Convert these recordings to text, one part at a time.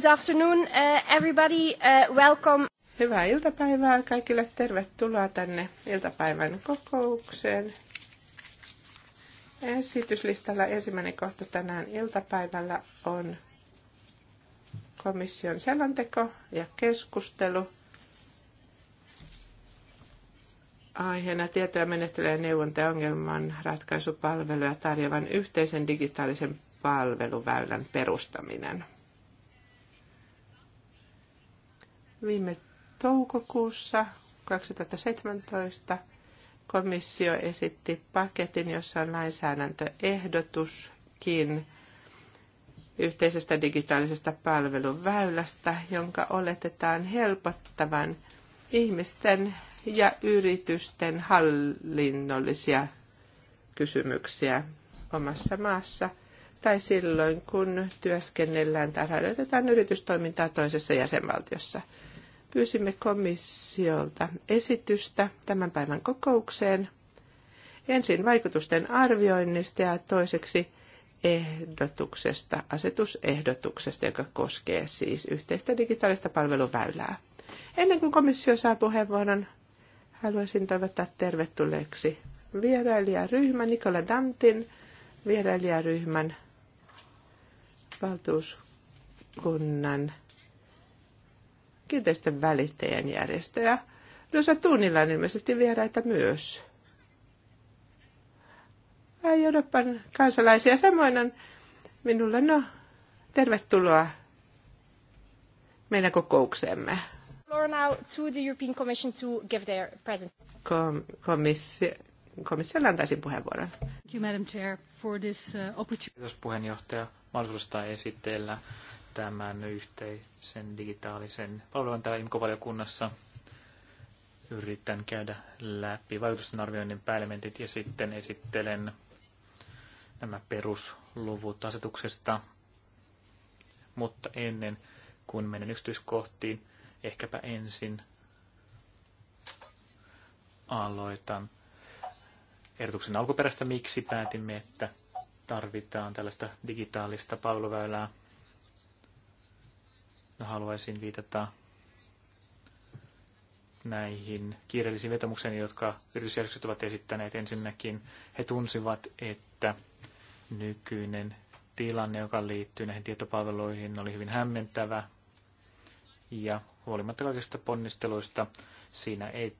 Good afternoon uh, everybody. Uh, welcome. Hyvää iltapäivää kaikille. Tervetuloa tänne iltapäivän kokoukseen. Esityslistalla ensimmäinen kohta tänään iltapäivällä on komission selonteko ja keskustelu. Aiheena tietoja menettelee neuvonta- ja ongelman ratkaisupalveluja tarjoavan yhteisen digitaalisen palveluväylän perustaminen. Viime toukokuussa 2017 komissio esitti paketin, jossa on lainsäädäntöehdotuskin yhteisestä digitaalisesta palveluväylästä, jonka oletetaan helpottavan ihmisten ja yritysten hallinnollisia kysymyksiä omassa maassa tai silloin, kun työskennellään tai harjoitetaan yritystoimintaa toisessa jäsenvaltiossa – Pyysimme komissiolta esitystä tämän päivän kokoukseen. Ensin vaikutusten arvioinnista ja toiseksi ehdotuksesta, asetusehdotuksesta, joka koskee siis yhteistä digitaalista palveluväylää. Ennen kuin komissio saa puheenvuoron, haluaisin toivottaa tervetulleeksi vierailijaryhmä Nikola Dantin vierailijaryhmän valtuuskunnan kiinteistön välittäjän järjestöjä. Rosa no, Tunnilla on ilmeisesti vieraita myös. Ai Euroopan kansalaisia. Samoin on minulle, no, tervetuloa meidän kokoukseemme. Floor now to the European Commission to give their present. Kom- komissi- komissiolle antaisin puheenvuoron. Thank you, Madam Chair, for this, uh, opportunity. Kiitos puheenjohtaja mahdollisuudesta esitellä tämän yhteisen digitaalisen palvelun täällä IMCO-valiokunnassa. Yritän käydä läpi vaikutusten arvioinnin päälementit ja sitten esittelen nämä perusluvut asetuksesta. Mutta ennen kuin menen yksityiskohtiin, ehkäpä ensin aloitan ehdotuksen alkuperäistä, miksi päätimme, että tarvitaan tällaista digitaalista palveluväylää – No, haluaisin viitata näihin kiireellisiin vetomukseen, jotka yritysjärjestöt ovat esittäneet. Ensinnäkin he tunsivat, että nykyinen tilanne, joka liittyy näihin tietopalveluihin, oli hyvin hämmentävä. Ja huolimatta kaikista ponnisteluista, siinä ei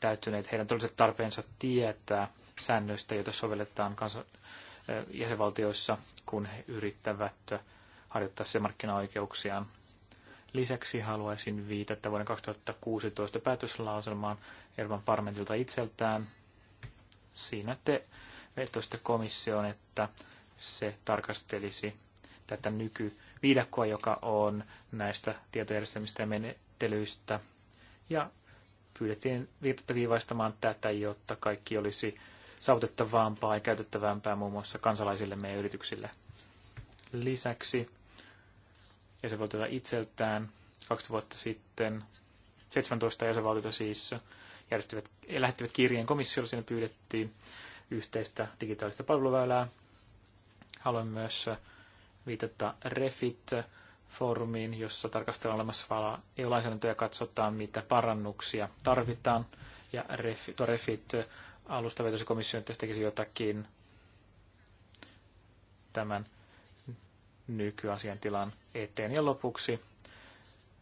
täyttyneet heidän todelliset tarpeensa tietää säännöistä, joita sovelletaan kansa- eh, jäsenvaltioissa, kun he yrittävät harjoittaa se markkinaoikeuksiaan. Lisäksi haluaisin viitata vuoden 2016 päätöslauselmaan Euroopan parlamentilta itseltään. Siinä te vetoisitte komissioon, että se tarkastelisi tätä nykyviidakkoa, joka on näistä tietojärjestelmistä ja menettelyistä. Ja pyydettiin viivaistamaan tätä, jotta kaikki olisi saavutettavampaa ja käytettävämpää muun muassa kansalaisillemme ja yrityksille. Lisäksi jäsenvaltiota itseltään. 20 vuotta sitten 17 jäsenvaltiota siis järjestivät, lähettivät kirjeen komissiolle, sinne pyydettiin yhteistä digitaalista palveluväylää. Haluan myös viitata Refit-foorumiin, jossa tarkastellaan olemassa vala EU-lainsäädäntöä ja katsotaan, mitä parannuksia tarvitaan. Ja Refit, Refit-alusta vetosi komission, että se tekisi jotakin tämän nykyasian tilan eteen. Ja lopuksi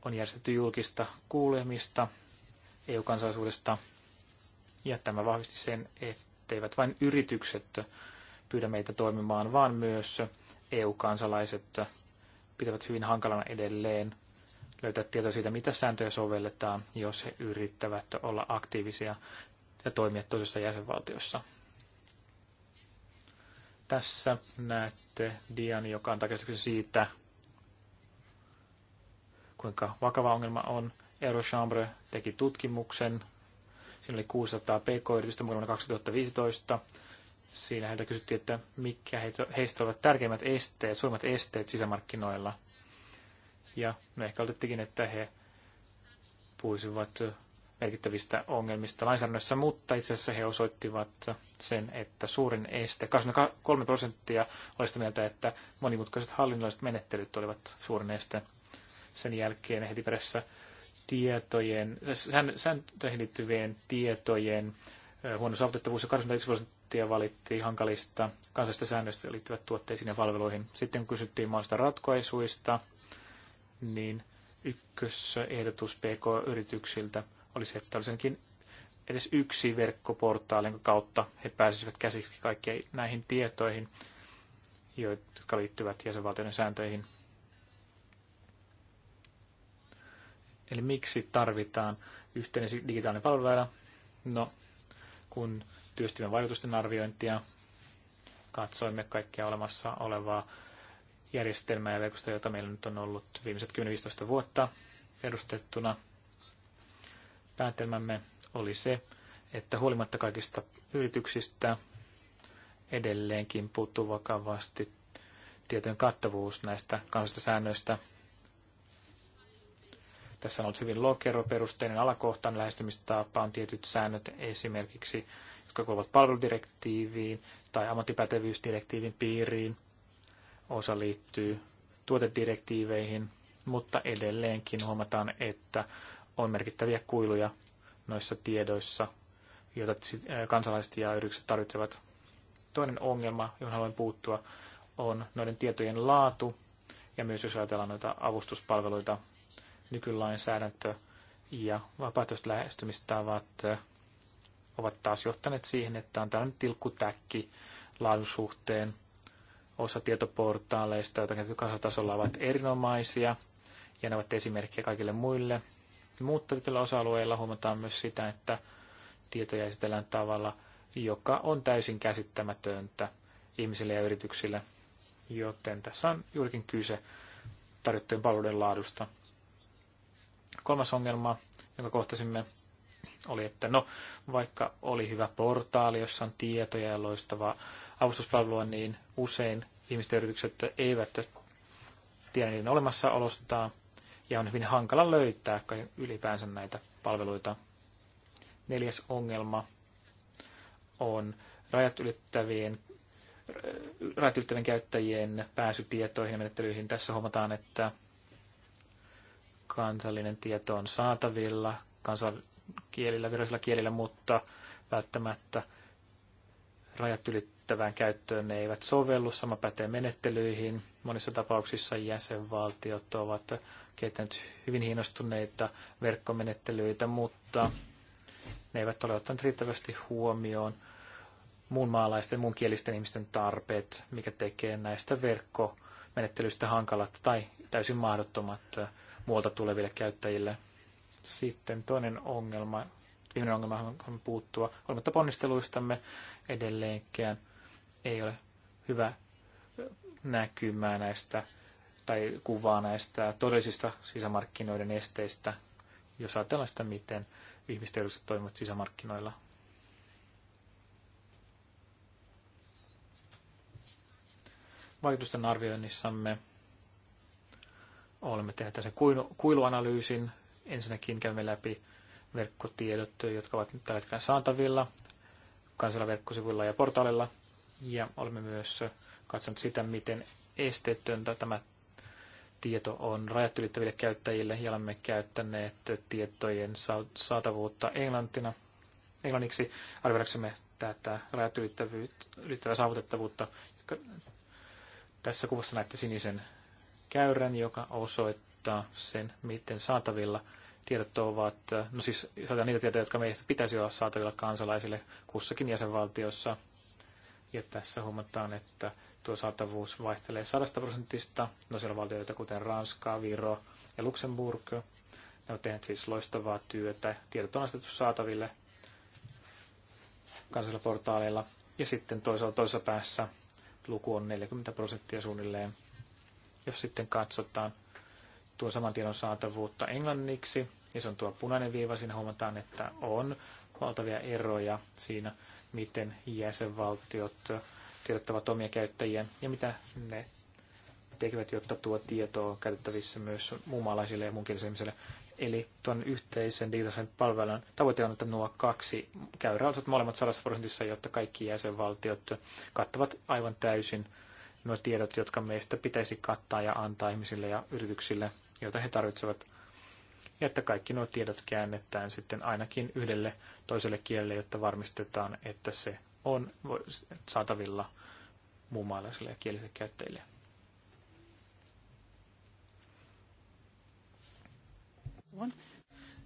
on järjestetty julkista kuulemista EU-kansalaisuudesta, ja tämä vahvisti sen, etteivät vain yritykset pyydä meitä toimimaan, vaan myös EU-kansalaiset pitävät hyvin hankalana edelleen löytää tietoa siitä, mitä sääntöjä sovelletaan, jos he yrittävät olla aktiivisia ja toimia toisessa jäsenvaltiossa. Tässä näette dian, joka antaa takaisin siitä, kuinka vakava ongelma on. Eurochambre teki tutkimuksen. Siinä oli 600 pk-yritystä vuonna 2015. Siinä heiltä kysyttiin, että mikä heistä ovat tärkeimmät esteet, suurimmat esteet sisämarkkinoilla. Ja me no ehkä otettikin, että he puhuisivat merkittävistä ongelmista lainsäädännössä, mutta itse asiassa he osoittivat sen, että suurin este, 23 prosenttia oli sitä mieltä, että monimutkaiset hallinnolliset menettelyt olivat suurin este. Sen jälkeen heti perässä tietojen, sääntöihin liittyvien tietojen huono saavutettavuus ja 21 prosenttia valittiin hankalista kansallista säännöistä liittyvät tuotteisiin ja palveluihin. Sitten kun kysyttiin maasta ratkaisuista, niin ykkösehdotus PK-yrityksiltä oli se, että olisinkin edes yksi verkkoportaali, jonka kautta he pääsisivät käsiksi kaikkiin näihin tietoihin, jotka liittyvät jäsenvaltioiden sääntöihin. Eli miksi tarvitaan yhteinen digitaalinen palveluväylä? No, kun työstimme vaikutusten arviointia, katsoimme kaikkia olemassa olevaa järjestelmää ja verkostoa, jota meillä nyt on ollut viimeiset 10-15 vuotta edustettuna – päätelmämme oli se, että huolimatta kaikista yrityksistä edelleenkin puuttuu vakavasti tietojen kattavuus näistä kansallisista säännöistä. Tässä on ollut hyvin lokeroperusteinen alakohtaan lähestymistapa on tietyt säännöt esimerkiksi, jotka kuuluvat palveludirektiiviin tai ammattipätevyysdirektiivin piiriin. Osa liittyy tuotedirektiiveihin, mutta edelleenkin huomataan, että on merkittäviä kuiluja noissa tiedoissa, joita kansalaiset ja yritykset tarvitsevat. Toinen ongelma, johon haluan puuttua, on noiden tietojen laatu ja myös jos ajatellaan noita avustuspalveluita, nykylainsäädäntö ja vapaaehtoiset lähestymistavat ovat taas johtaneet siihen, että on tällainen tilkkutäkki laadun suhteen. Osa tietoportaaleista, joita kansatasolla ovat erinomaisia, ja ne ovat esimerkkejä kaikille muille – muuttavilla osa alueilla huomataan myös sitä, että tietoja esitellään tavalla, joka on täysin käsittämätöntä ihmisille ja yrityksille, joten tässä on juurikin kyse tarjottujen palveluiden laadusta. Kolmas ongelma, jonka kohtasimme, oli, että no, vaikka oli hyvä portaali, jossa on tietoja ja loistavaa avustuspalvelua, niin usein ihmiset ja yritykset eivät tiedä niiden olemassaolostaan, ja on hyvin hankala löytää ylipäänsä näitä palveluita. Neljäs ongelma on rajat ylittävien äh, rajat ylittävien käyttäjien pääsytietoihin ja menettelyihin. Tässä huomataan, että kansallinen tieto on saatavilla kansankielillä, virallisilla kielillä, mutta välttämättä rajat ylittävään käyttöön ne eivät sovellu. Sama pätee menettelyihin. Monissa tapauksissa jäsenvaltiot ovat kehittänyt hyvin hienostuneita verkkomenettelyitä, mutta ne eivät ole ottaneet riittävästi huomioon muun maalaisten, muun kielisten ihmisten tarpeet, mikä tekee näistä verkkomenettelyistä hankalat tai täysin mahdottomat muualta tuleville käyttäjille. Sitten toinen ongelma, viimeinen ongelma on puuttua, olematta ponnisteluistamme edelleenkään ei ole hyvä näkymää näistä tai kuvaa näistä todellisista sisämarkkinoiden esteistä, jos ajatellaan sitä, miten ihmisteolliset toimivat sisämarkkinoilla. Vaikutusten arvioinnissamme olemme tehneet tässä kuiluanalyysin. Ensinnäkin käymme läpi verkkotiedot, jotka ovat tällä hetkellä saatavilla kansalla verkkosivuilla ja portaalilla. Ja olemme myös katsoneet sitä, miten esteettöntä tämä tieto on rajat ylittäville käyttäjille ja olemme käyttäneet tietojen saatavuutta englantina, englanniksi arvioidaksemme tätä rajat ylittävää saavutettavuutta. Tässä kuvassa näette sinisen käyrän, joka osoittaa sen, miten saatavilla tiedot ovat, no siis saatetaan niitä tietoja, jotka meistä pitäisi olla saatavilla kansalaisille kussakin jäsenvaltiossa. Ja tässä huomataan, että tuo saatavuus vaihtelee 100 prosentista. No siellä on valtioita kuten Ranska, Viro ja Luxemburg. Ne ovat tehneet siis loistavaa työtä. Tiedot on asetettu saataville kansallisilla portaaleilla. Ja sitten toisaalta toisessa päässä luku on 40 prosenttia suunnilleen. Jos sitten katsotaan tuon saman tiedon saatavuutta englanniksi, ja se on tuo punainen viiva, siinä huomataan, että on valtavia eroja siinä, miten jäsenvaltiot tiedottavat omia käyttäjiä ja mitä ne tekevät, jotta tuo tieto on käytettävissä myös muumalaisille ja muunkielisen Eli tuon yhteisen digitaalisen palvelun tavoite on, että nuo kaksi käyrää molemmat sadassa prosentissa, jotta kaikki jäsenvaltiot kattavat aivan täysin nuo tiedot, jotka meistä pitäisi kattaa ja antaa ihmisille ja yrityksille, joita he tarvitsevat. Ja että kaikki nuo tiedot käännetään sitten ainakin yhdelle toiselle kielelle, jotta varmistetaan, että se on saatavilla muumaalaisille ja kielisille käyttäjille.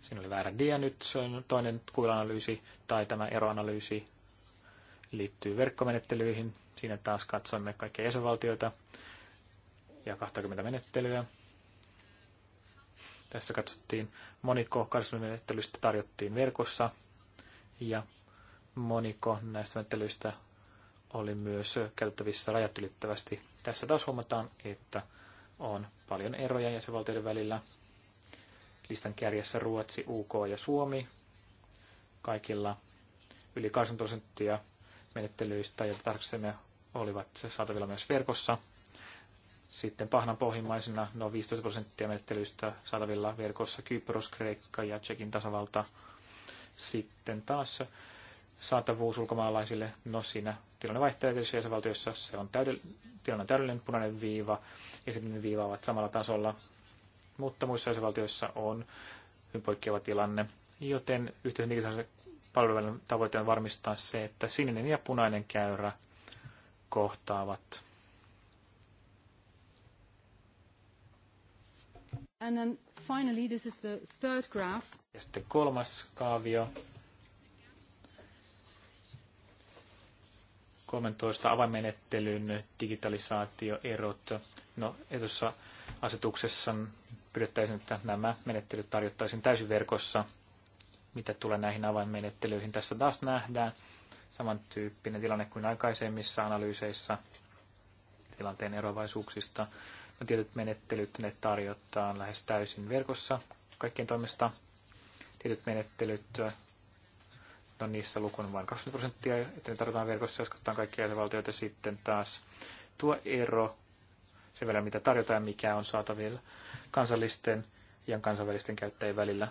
Siinä oli väärä dia nyt, se on toinen kuilanalyysi tai tämä eroanalyysi liittyy verkkomenettelyihin. Siinä taas katsoimme kaikkia jäsenvaltioita ja 20 menettelyä. Tässä katsottiin monitko menettelystä tarjottiin verkossa ja moniko näistä menettelyistä oli myös käytettävissä rajat ylittävästi. Tässä taas huomataan, että on paljon eroja jäsenvaltioiden välillä. Listan kärjessä Ruotsi, UK ja Suomi. Kaikilla yli 80 prosenttia menettelyistä ja tarkastelmia olivat saatavilla myös verkossa. Sitten pahnan pohjimmaisena noin 15 prosenttia menettelyistä saatavilla verkossa Kypros, Kreikka ja Tsekin tasavalta. Sitten taas saatavuus ulkomaalaisille, no siinä tilanne vaihtelee tietysti jäsenvaltiossa, se on täydell- tilanne on täydellinen punainen viiva ja sitten viiva ovat samalla tasolla, mutta muissa jäsenvaltioissa on hyvin poikkeava tilanne, joten yhteisen digitaalisen palvelun tavoite on varmistaa se, että sininen ja punainen käyrä kohtaavat. And then finally, this is the third graph. Ja sitten kolmas kaavio 13 sitä avainmenettelyn digitalisaatioerot. No, tuossa asetuksessa pyydettäisiin, että nämä menettelyt tarjottaisiin täysin verkossa, mitä tulee näihin avainmenettelyihin. Tässä taas nähdään samantyyppinen tilanne kuin aikaisemmissa analyyseissa tilanteen eroavaisuuksista. No, tietyt menettelyt ne tarjotaan lähes täysin verkossa kaikkien toimesta. Tietyt menettelyt No niissä luku on vain 20 prosenttia, että ne tarvitaan verkossa, jos katsotaan kaikkia jäsenvaltioita sitten taas. Tuo ero, sen verran mitä tarjotaan ja mikä on saatavilla kansallisten ja kansainvälisten käyttäjien välillä.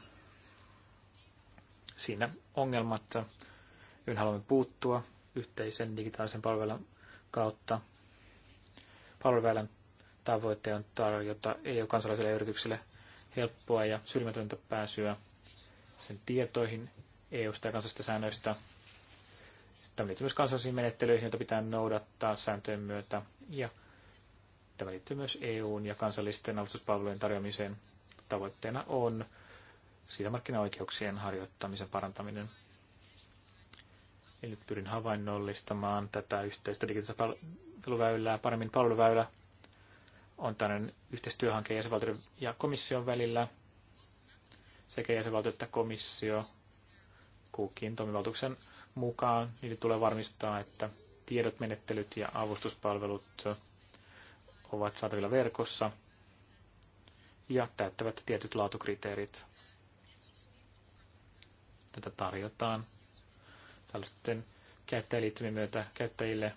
Siinä ongelmat, joihin haluamme puuttua yhteisen digitaalisen palvelun kautta. Palveluväylän tavoite on tarjota EU-kansalaisille yrityksille helppoa ja syrjimätöntä pääsyä sen tietoihin EU-sta ja kansallisista säännöistä. Tämä liittyy myös kansallisiin menettelyihin, joita pitää noudattaa sääntöjen myötä. Ja tämä liittyy myös EUn ja kansallisten avustuspalvelujen tarjoamiseen. Tavoitteena on sisämarkkinaoikeuksien harjoittamisen parantaminen. Eli nyt pyrin havainnollistamaan tätä yhteistä digitaalista palveluväylää, paremmin palveluväylä on tämmöinen yhteistyöhanke jäsenvaltioiden ja komission välillä. Sekä jäsenvaltio että komissio kukin toimivaltuuksen mukaan. Niiden tulee varmistaa, että tiedot, menettelyt ja avustuspalvelut ovat saatavilla verkossa ja täyttävät tietyt laatukriteerit. Tätä tarjotaan tällaisten käyttäjäliittymien myötä käyttäjille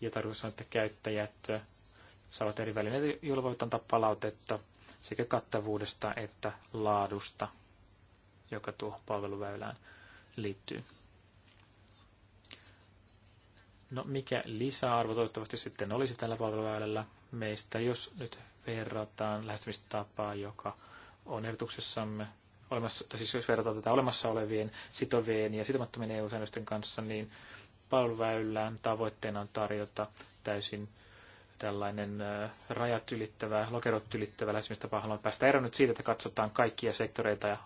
ja tarkoitus on, että käyttäjät saavat eri välineitä, joilla voivat antaa palautetta sekä kattavuudesta että laadusta joka tuohon palveluväylään liittyy. No mikä lisäarvo toivottavasti sitten olisi tällä palveluväylällä meistä, jos nyt verrataan lähestymistapaa, joka on ehdotuksessamme olemassa, siis jos verrataan tätä olemassa olevien sitovien ja sitomattomien EU-säännösten kanssa, niin palveluväylän tavoitteena on tarjota täysin tällainen rajat ylittävä, lokerot ylittävä lähestymistapa. Haluan päästä eroon nyt siitä, että katsotaan kaikkia sektoreita ja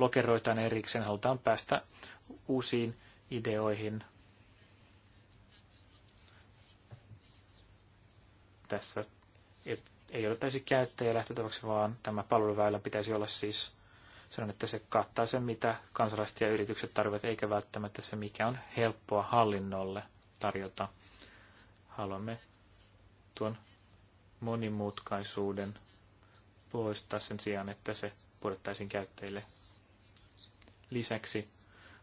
lokeroitaan erikseen, halutaan päästä uusiin ideoihin. Tässä ei otettaisi käyttäjä lähtötavaksi, vaan tämä palveluväylä pitäisi olla siis sanon, että se kattaa sen, mitä kansalaiset ja yritykset tarvitsevat, eikä välttämättä se, mikä on helppoa hallinnolle tarjota. Haluamme tuon monimutkaisuuden poistaa sen sijaan, että se pudottaisiin käyttäjille Lisäksi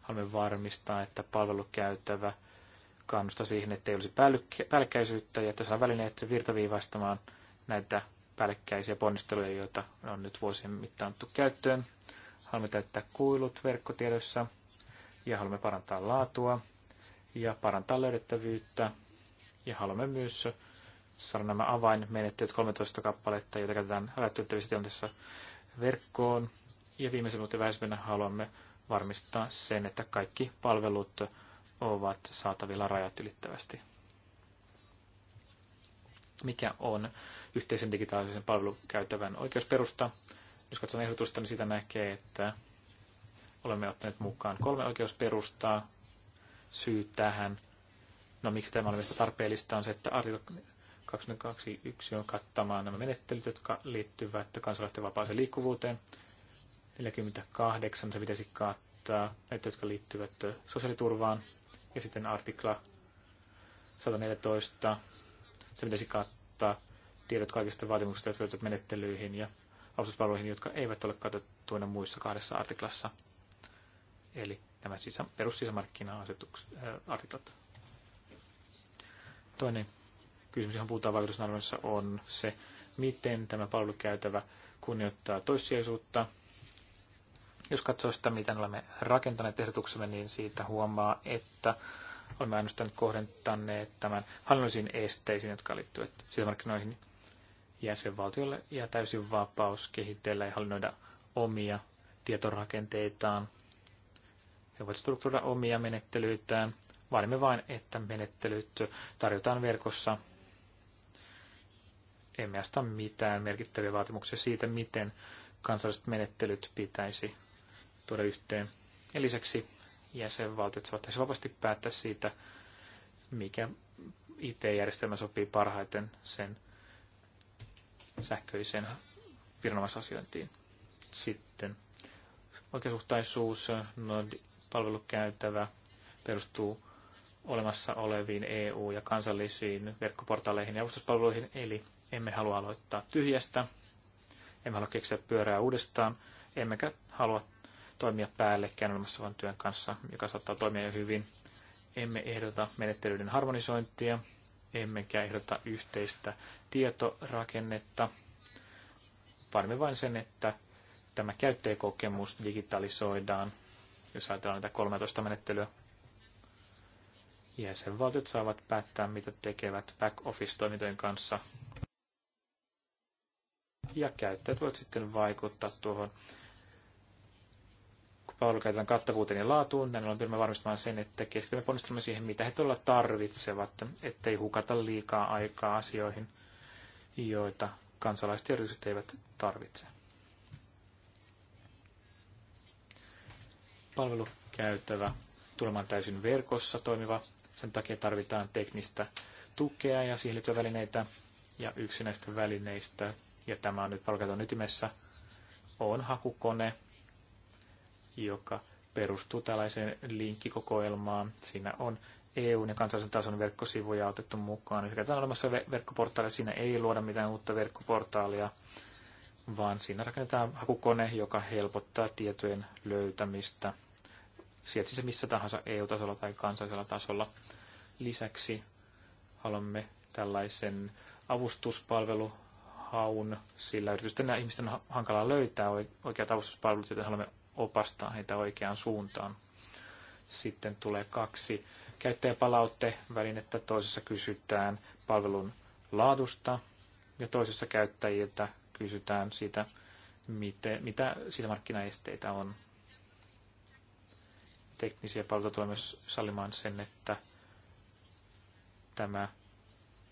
haluamme varmistaa, että palvelukäyttävä kannustaa siihen, että ei olisi päällekkäisyyttä ja että saa välineet virtaviivaistamaan näitä päällekkäisiä ponnisteluja, joita on nyt vuosien mittaan tullut käyttöön. Haluamme täyttää kuilut verkkotiedossa ja haluamme parantaa laatua ja parantaa löydettävyyttä ja haluamme myös saada nämä avainmenettelyt 13 kappaletta, joita käytetään rajoittavissa tilanteissa verkkoon. Ja viimeisen mutta vähäisempänä haluamme varmistaa sen, että kaikki palvelut ovat saatavilla rajat ylittävästi. Mikä on yhteisen digitaalisen palvelukäytävän oikeusperusta? Jos katsotaan ehdotusta, niin siitä näkee, että olemme ottaneet mukaan kolme oikeusperustaa. Syy tähän, no miksi tämä oli tarpeellista, on se, että artikla 22.1 on kattamaan nämä menettelyt, jotka liittyvät kansalaisten vapaaseen liikkuvuuteen. 48, se pitäisi kattaa, näitä, jotka liittyvät sosiaaliturvaan. Ja sitten artikla 114, se pitäisi kattaa tiedot kaikista vaatimuksista, jotka liittyvät menettelyihin ja avustuspalveluihin, jotka eivät ole katettuina muissa kahdessa artiklassa. Eli nämä sisä, perussisämarkkina-artiklat. Äh, Toinen kysymys, johon puhutaan vaikutusnarvoissa, on se, miten tämä palvelukäytävä kunnioittaa toissijaisuutta jos katsoo sitä, miten olemme rakentaneet ehdotuksemme, niin siitä huomaa, että olemme ainoastaan kohdentaneet tämän hallinnollisiin esteisiin, jotka liittyvät sisämarkkinoihin jäsenvaltiolle ja täysin vapaus kehitellä ja hallinnoida omia tietorakenteitaan. He voivat strukturoida omia menettelyitään. Vaadimme vain, että menettelyt tarjotaan verkossa. Emme asta mitään merkittäviä vaatimuksia siitä, miten kansalliset menettelyt pitäisi tuoda yhteen. Ja lisäksi jäsenvaltiot saavat tässä vapaasti päättää siitä, mikä IT-järjestelmä sopii parhaiten sen sähköiseen viranomaisasiointiin. Sitten oikeasuhtaisuus, no, palvelukäytävä perustuu olemassa oleviin EU- ja kansallisiin verkkoportaaleihin ja avustuspalveluihin, eli emme halua aloittaa tyhjästä, emme halua keksiä pyörää uudestaan, emmekä halua toimia päällekkäin olemassa olevan työn kanssa, joka saattaa toimia jo hyvin. Emme ehdota menettelyiden harmonisointia, emmekä ehdota yhteistä tietorakennetta. Varmi vain sen, että tämä käyttäjäkokemus digitalisoidaan, jos ajatellaan näitä 13 menettelyä. Jäsenvaltiot saavat päättää, mitä tekevät back-office-toimintojen kanssa. Ja käyttäjät voivat sitten vaikuttaa tuohon palvelu käytetään kattavuuteen ja laatuun. Näin on pyrimme varmistamaan sen, että keskitymme ponnistamme siihen, mitä he todella tarvitsevat, ettei hukata liikaa aikaa asioihin, joita kansalaiset ja yritykset eivät tarvitse. Palvelukäytävä tulemaan täysin verkossa toimiva. Sen takia tarvitaan teknistä tukea ja siihen liittyviä välineitä. Ja yksi näistä välineistä, ja tämä on nyt palkaton ytimessä, on hakukone, joka perustuu tällaiseen linkkikokoelmaan. Siinä on EUn ja kansallisen tason verkkosivuja otettu mukaan. Yhdessä on olemassa verkkoportaali, siinä ei luoda mitään uutta verkkoportaalia, vaan siinä rakennetaan hakukone, joka helpottaa tietojen löytämistä sieltä se siis missä tahansa EU-tasolla tai kansallisella tasolla. Lisäksi haluamme tällaisen avustuspalveluhaun, sillä yritysten ja ihmisten on hankalaa löytää oikeat avustuspalvelut, joten haluamme opastaa heitä oikeaan suuntaan. Sitten tulee kaksi välinettä: Toisessa kysytään palvelun laadusta ja toisessa käyttäjiltä kysytään siitä, miten, mitä sisämarkkinaesteitä on. Teknisiä palveluita tulee myös sallimaan sen, että tämä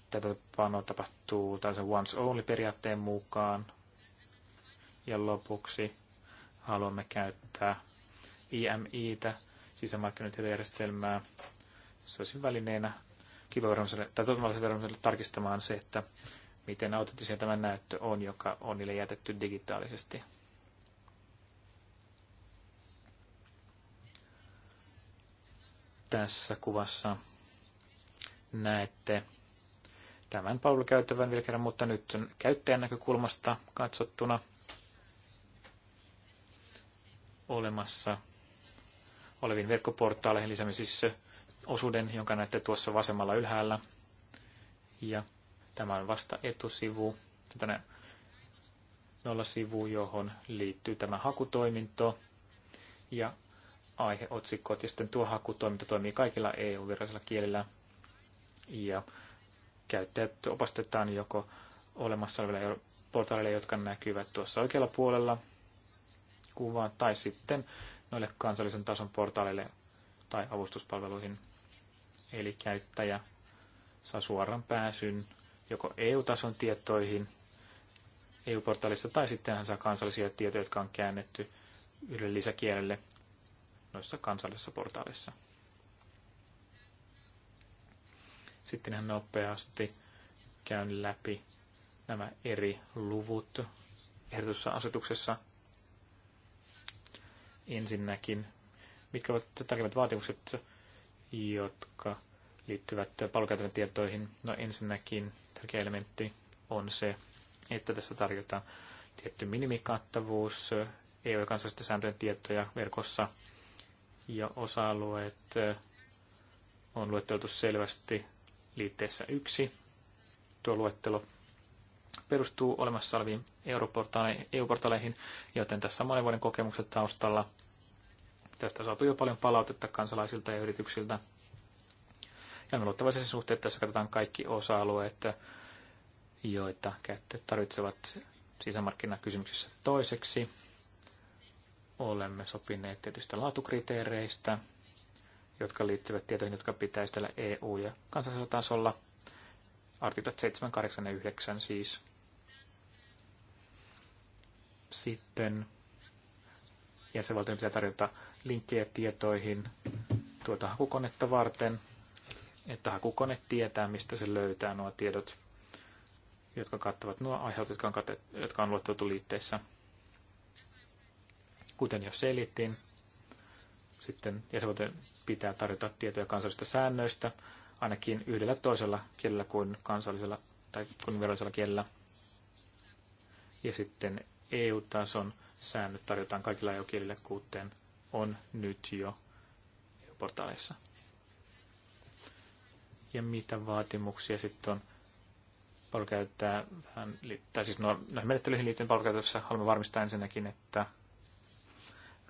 tätä panoa tapahtuu tällaisen once only periaatteen mukaan. Ja lopuksi haluamme käyttää IMI-tä, sisämarkkinointijärjestelmää, sosin välineenä kilpailuviranomaiselle tai toimivalliselle tarkistamaan se, että miten autenttisia tämä näyttö on, joka on niille jätetty digitaalisesti. Tässä kuvassa näette tämän palvelukäytävän vielä kerran, mutta nyt käyttäjän näkökulmasta katsottuna – olemassa oleviin verkkoportaaleihin. Lisäämme siis osuuden, jonka näette tuossa vasemmalla ylhäällä. Ja tämä on vasta etusivu, tänne nollasivu, johon liittyy tämä hakutoiminto ja aiheotsikot. Ja sitten tuo hakutoiminto toimii kaikilla EU-virallisilla kielillä. Ja käyttäjät opastetaan joko olemassa olevilla portaaleilla, jotka näkyvät tuossa oikealla puolella, kuvaan tai sitten noille kansallisen tason portaaleille tai avustuspalveluihin. Eli käyttäjä saa suoran pääsyn joko EU-tason tietoihin eu portaalissa tai sitten hän saa kansallisia tietoja, jotka on käännetty yhden lisäkielelle noissa kansallisissa portaalissa. Sitten hän nopeasti käyn läpi nämä eri luvut ehdotussa asetuksessa ensinnäkin, mitkä ovat tarkemmat vaatimukset, jotka liittyvät palvelukäytännön tietoihin. No ensinnäkin tärkeä elementti on se, että tässä tarjotaan tietty minimikattavuus EU- ja kansallisten sääntöjen tietoja verkossa ja osa-alueet eh, on luetteltu selvästi liitteessä yksi. Tuo luettelo perustuu olemassa oleviin EU-portaleihin, joten tässä on monen vuoden kokemukset taustalla. Tästä on saatu jo paljon palautetta kansalaisilta ja yrityksiltä. Ja me luottavasti sen suhteen, että tässä katsotaan kaikki osa-alueet, joita käyttäjät tarvitsevat sisämarkkinakysymyksissä toiseksi. Olemme sopineet tietystä laatukriteereistä, jotka liittyvät tietoihin, jotka pitää tällä EU- ja kansallisella tasolla – Artiklat 7, 8 ja 9 siis. Sitten jäsenvaltion pitää tarjota linkkejä tietoihin tuota hakukonetta varten, että hakukone tietää, mistä se löytää nuo tiedot, jotka kattavat nuo aiheut, jotka on, kate- jotka on luotettu liitteissä. Kuten jo selitin, sitten jäsenvaltion pitää tarjota tietoja kansallisista säännöistä, ainakin yhdellä toisella kielellä kuin kansallisella tai kuin virallisella kielellä. Ja sitten EU-tason säännöt tarjotaan kaikilla EU-kielillä, kuten on nyt jo e portaaleissa. Ja mitä vaatimuksia sitten on vähän, tai siis no, noihin menettelyihin liittyen palvelukäytössä haluamme varmistaa ensinnäkin, että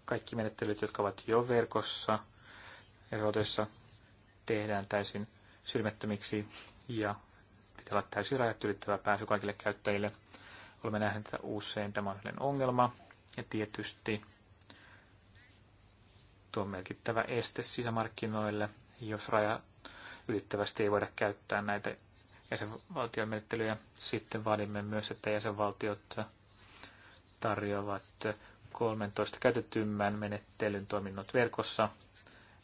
kaikki menettelyt, jotka ovat jo verkossa ja tehdään täysin syrjimättömiksi ja pitää olla täysin rajat ylittävä pääsy kaikille käyttäjille. Olemme nähneet, että usein tämä on ongelma ja tietysti tuo on merkittävä este sisämarkkinoille, jos raja ylittävästi ei voida käyttää näitä jäsenvaltion menettelyjä. Sitten vaadimme myös, että jäsenvaltiot tarjoavat 13 käytetymmän menettelyn toiminnot verkossa.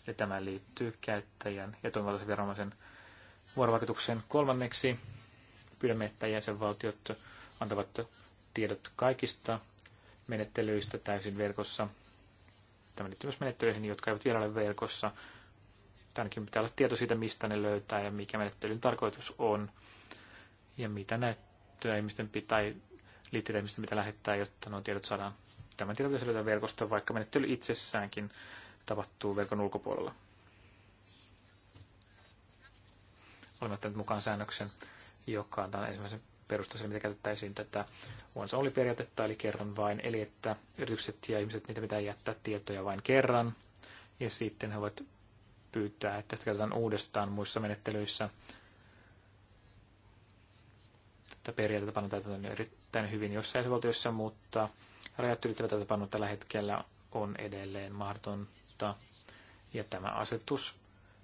Ja tämä liittyy käyttäjän ja toimivaltaisen viranomaisen vuorovaikutuksen kolmanneksi. Pyydämme, että jäsenvaltiot antavat tiedot kaikista menettelyistä täysin verkossa. Tämä liittyy myös menettelyihin, jotka eivät vielä ole verkossa. tänkin pitää olla tieto siitä, mistä ne löytää ja mikä menettelyn tarkoitus on ja mitä näyttöä ihmisten pitää, liittyä mistä mitä lähettää, jotta nuo tiedot saadaan. Tämän tiedon pitäisi löytää verkosta, vaikka menettely itsessäänkin tapahtuu verkon ulkopuolella. olemme ottaneet mukaan säännöksen, joka on ensimmäisen perusteella, mitä käytettäisiin tätä once only periaatetta, eli kerran vain, eli että yritykset ja ihmiset, niitä pitää jättää tietoja vain kerran, ja sitten he voivat pyytää, että sitä käytetään uudestaan muissa menettelyissä. Tätä periaatetta pannaan täytäntöön erittäin hyvin jossain valtiossa, mutta rajat ylittävä täytäntöönpano tällä hetkellä on edelleen mahdotonta. Ja tämä asetus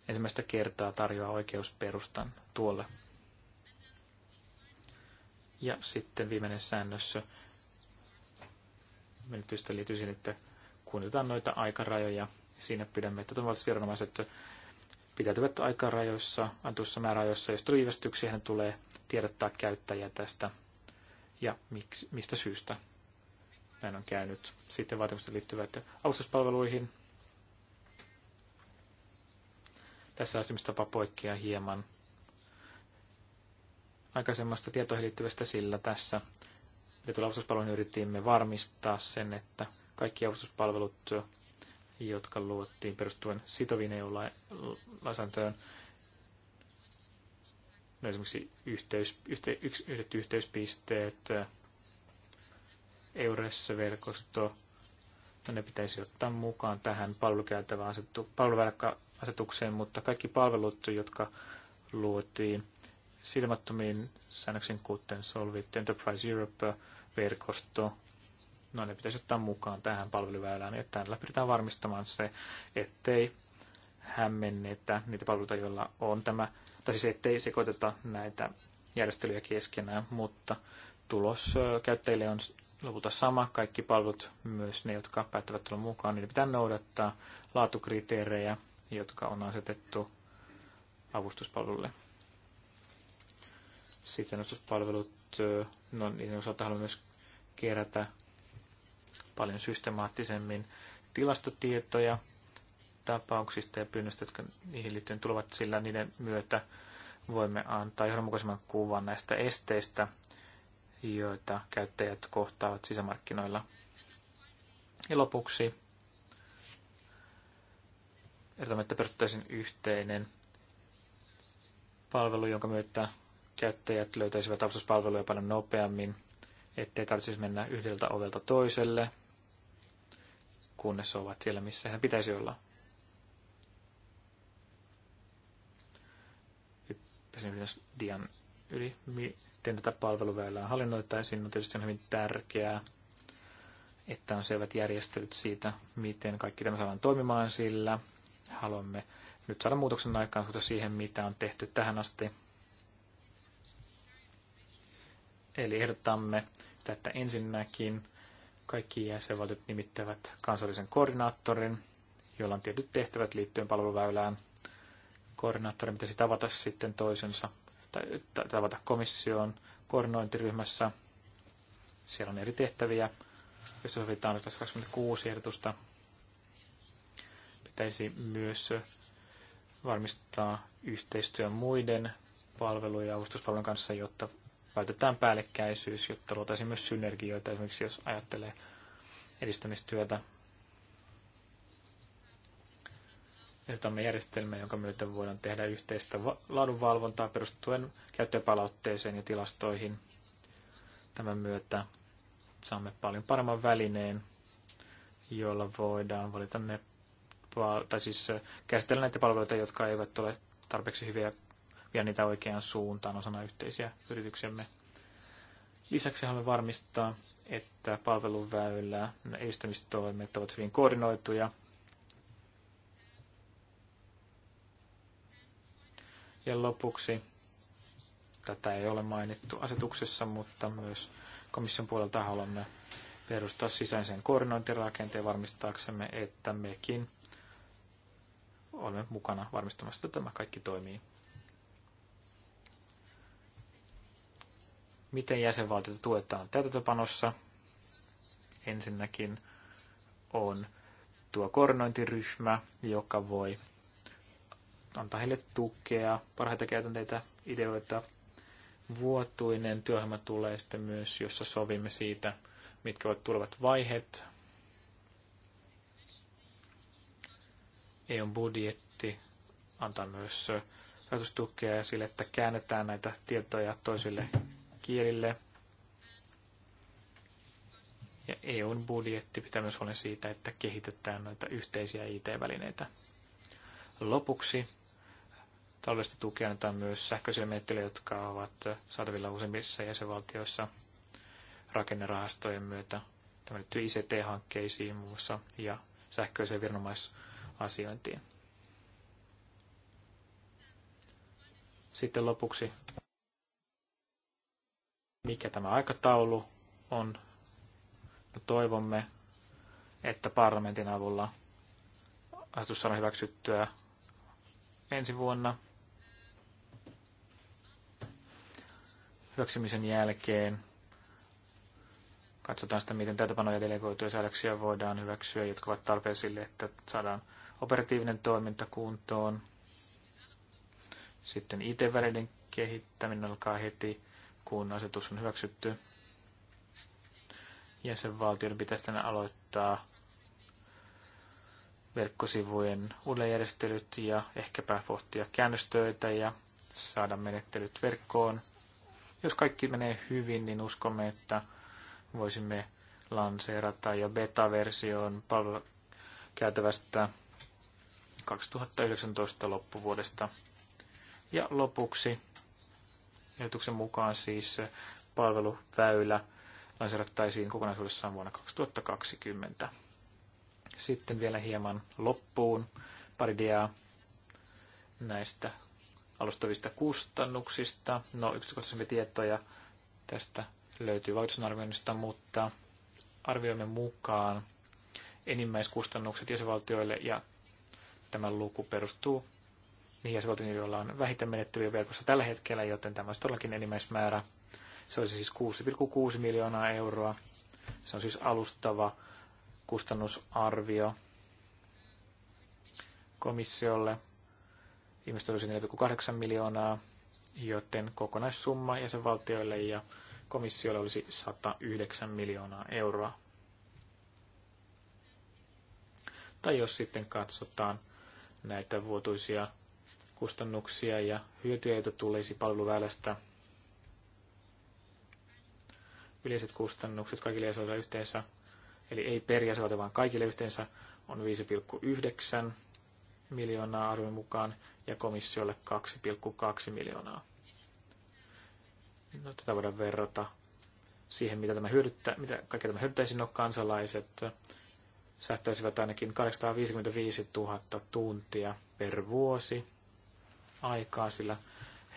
ensimmäistä kertaa tarjoaa oikeusperustan tuolle. Ja sitten viimeinen säännös menetystä liittyy siihen, että kunnioitetaan noita aikarajoja. Siinä pidämme, että turvallisuusviranomaiset pitäytyvät aikarajoissa, antuissa määräajoissa. Jos tulee viivästyksiä, hän tulee tiedottaa käyttäjiä tästä ja miksi, mistä syystä näin on käynyt. Sitten vaatimukset liittyvät avustuspalveluihin, Tässä asumistapa poikkeaa hieman aikaisemmasta tietoihin liittyvästä, sillä tässä tietolavustuspalvelun yritimme varmistaa sen, että kaikki avustuspalvelut, jotka luotiin perustuen sitoviin EU-lainsäädäntöön, no esimerkiksi yhteys, yhte, yks, yhdet yhteyspisteet, EURES-verkosto, että ne pitäisi ottaa mukaan tähän asetukseen, mutta kaikki palvelut, jotka luotiin silmattomiin säännöksiin kuten Solvit, Enterprise Europe, verkosto, no ne pitäisi ottaa mukaan tähän palveluväylään, ja tällä pyritään varmistamaan se, ettei hämmennetä niitä palveluita, joilla on tämä, tai siis ettei sekoiteta näitä järjestelyjä keskenään, mutta tulos käyttäjille on lopulta sama. Kaikki palvelut, myös ne, jotka päättävät tulla mukaan, niiden pitää noudattaa laatukriteerejä, jotka on asetettu avustuspalvelulle. Sitten avustuspalvelut, no niiden osalta haluan myös kerätä paljon systemaattisemmin tilastotietoja tapauksista ja pyynnöistä, jotka niihin liittyen tulevat, sillä niiden myötä voimme antaa johdonmukaisemman kuvan näistä esteistä, joita käyttäjät kohtaavat sisämarkkinoilla. Ja lopuksi ehdotamme, että perustettaisiin yhteinen palvelu, jonka myötä käyttäjät löytäisivät avustuspalveluja paljon nopeammin, ettei tarvitsisi mennä yhdeltä ovelta toiselle, kunnes ovat siellä, missä he pitäisi olla. Hyppäsin ylös dian yli, miten tätä palveluväylää hallinnoitaisiin, on tietysti on hyvin tärkeää, että on selvät järjestelyt siitä, miten kaikki tämä saadaan toimimaan sillä. Haluamme nyt saada muutoksen aikaan siihen, mitä on tehty tähän asti. Eli ehdotamme, että ensinnäkin kaikki jäsenvaltiot nimittävät kansallisen koordinaattorin, jolla on tietyt tehtävät liittyen palveluväylään. Koordinaattori pitäisi tavata sitten toisensa tavata komission koordinointiryhmässä. Siellä on eri tehtäviä, joista sovitaan 26 ehdotusta. Pitäisi myös varmistaa yhteistyö muiden palvelu- ja avustuspalvelun kanssa, jotta vältetään päällekkäisyys, jotta luotaisiin myös synergioita, esimerkiksi jos ajattelee edistämistyötä Ehdotamme järjestelmää, jonka myötä voidaan tehdä yhteistä laadunvalvontaa perustuen käyttäjäpalautteeseen ja tilastoihin. Tämän myötä saamme paljon paremman välineen, jolla voidaan valita ne, tai siis äh, käsitellä näitä palveluita, jotka eivät ole tarpeeksi hyviä ja niitä oikeaan suuntaan osana yhteisiä yrityksemme. Lisäksi haluamme varmistaa, että palveluväylää edistämistoimet ovat hyvin koordinoituja Ja lopuksi, tätä ei ole mainittu asetuksessa, mutta myös komission puolelta haluamme perustaa sisäisen koordinointirakenteen varmistaaksemme, että mekin olemme mukana varmistamassa, että tämä kaikki toimii. Miten jäsenvaltiota tuetaan täytäntöpanossa? Ensinnäkin on tuo koordinointiryhmä, joka voi antaa heille tukea, parhaita käytänteitä, ideoita. Vuotuinen työohjelma tulee sitten myös, jossa sovimme siitä, mitkä ovat tulevat vaiheet. EUn budjetti antaa myös rahoitustukea sille, että käännetään näitä tietoja toisille kielille. Ja EUn budjetti pitää myös huolen siitä, että kehitetään noita yhteisiä IT-välineitä. Lopuksi Taloudellista tukea annetaan myös sähköisille menettelyille, jotka ovat saatavilla useimmissa jäsenvaltioissa rakennerahastojen myötä. Tämä liittyy ICT-hankkeisiin muun muassa ja sähköiseen viranomaisasiointiin. Sitten lopuksi, mikä tämä aikataulu on. Me toivomme, että parlamentin avulla asetus saadaan hyväksyttyä ensi vuonna hyväksymisen jälkeen. Katsotaan sitä, miten täytäpanoja delegoituja säädöksiä voidaan hyväksyä, jotka ovat tarpeen sille, että saadaan operatiivinen toiminta kuntoon. Sitten IT-välineiden kehittäminen alkaa heti, kun asetus on hyväksytty. Jäsenvaltioiden pitäisi tänne aloittaa verkkosivujen uudelleenjärjestelyt ja ehkäpä pohtia käännöstöitä ja saada menettelyt verkkoon. Jos kaikki menee hyvin, niin uskomme, että voisimme lanseerata jo beta-versioon käytävästä 2019 loppuvuodesta. Ja lopuksi ehdotuksen mukaan siis palveluväylä lanseerattaisiin kokonaisuudessaan vuonna 2020. Sitten vielä hieman loppuun pari ideaa näistä alustavista kustannuksista. No, yksityiskohtaisempia tietoja tästä löytyy vaikutusarvioinnista, mutta arvioimme mukaan enimmäiskustannukset jäsenvaltioille ja tämä luku perustuu niihin jäsenvaltioihin, joilla on vähiten menettäviä verkossa tällä hetkellä, joten tämä olisi todellakin enimmäismäärä. Se olisi siis 6,6 miljoonaa euroa. Se on siis alustava kustannusarvio komissiolle ihmistä olisi 4,8 miljoonaa, joten kokonaissumma jäsenvaltioille ja komissiolle olisi 109 miljoonaa euroa. Tai jos sitten katsotaan näitä vuotuisia kustannuksia ja hyötyjä, joita tulisi palveluväylästä, yleiset kustannukset kaikille jäsenvaltioille yhteensä, eli ei per jäsenvaltio, vaan kaikille yhteensä, on 5,9 miljoonaa arvion mukaan, ja komissiolle 2,2 miljoonaa. No, tätä voidaan verrata siihen, mitä, tämä hyödyttä, mitä kaikkea tämä hyödyttäisi, no kansalaiset sähtäisivät ainakin 855 000 tuntia per vuosi aikaa, sillä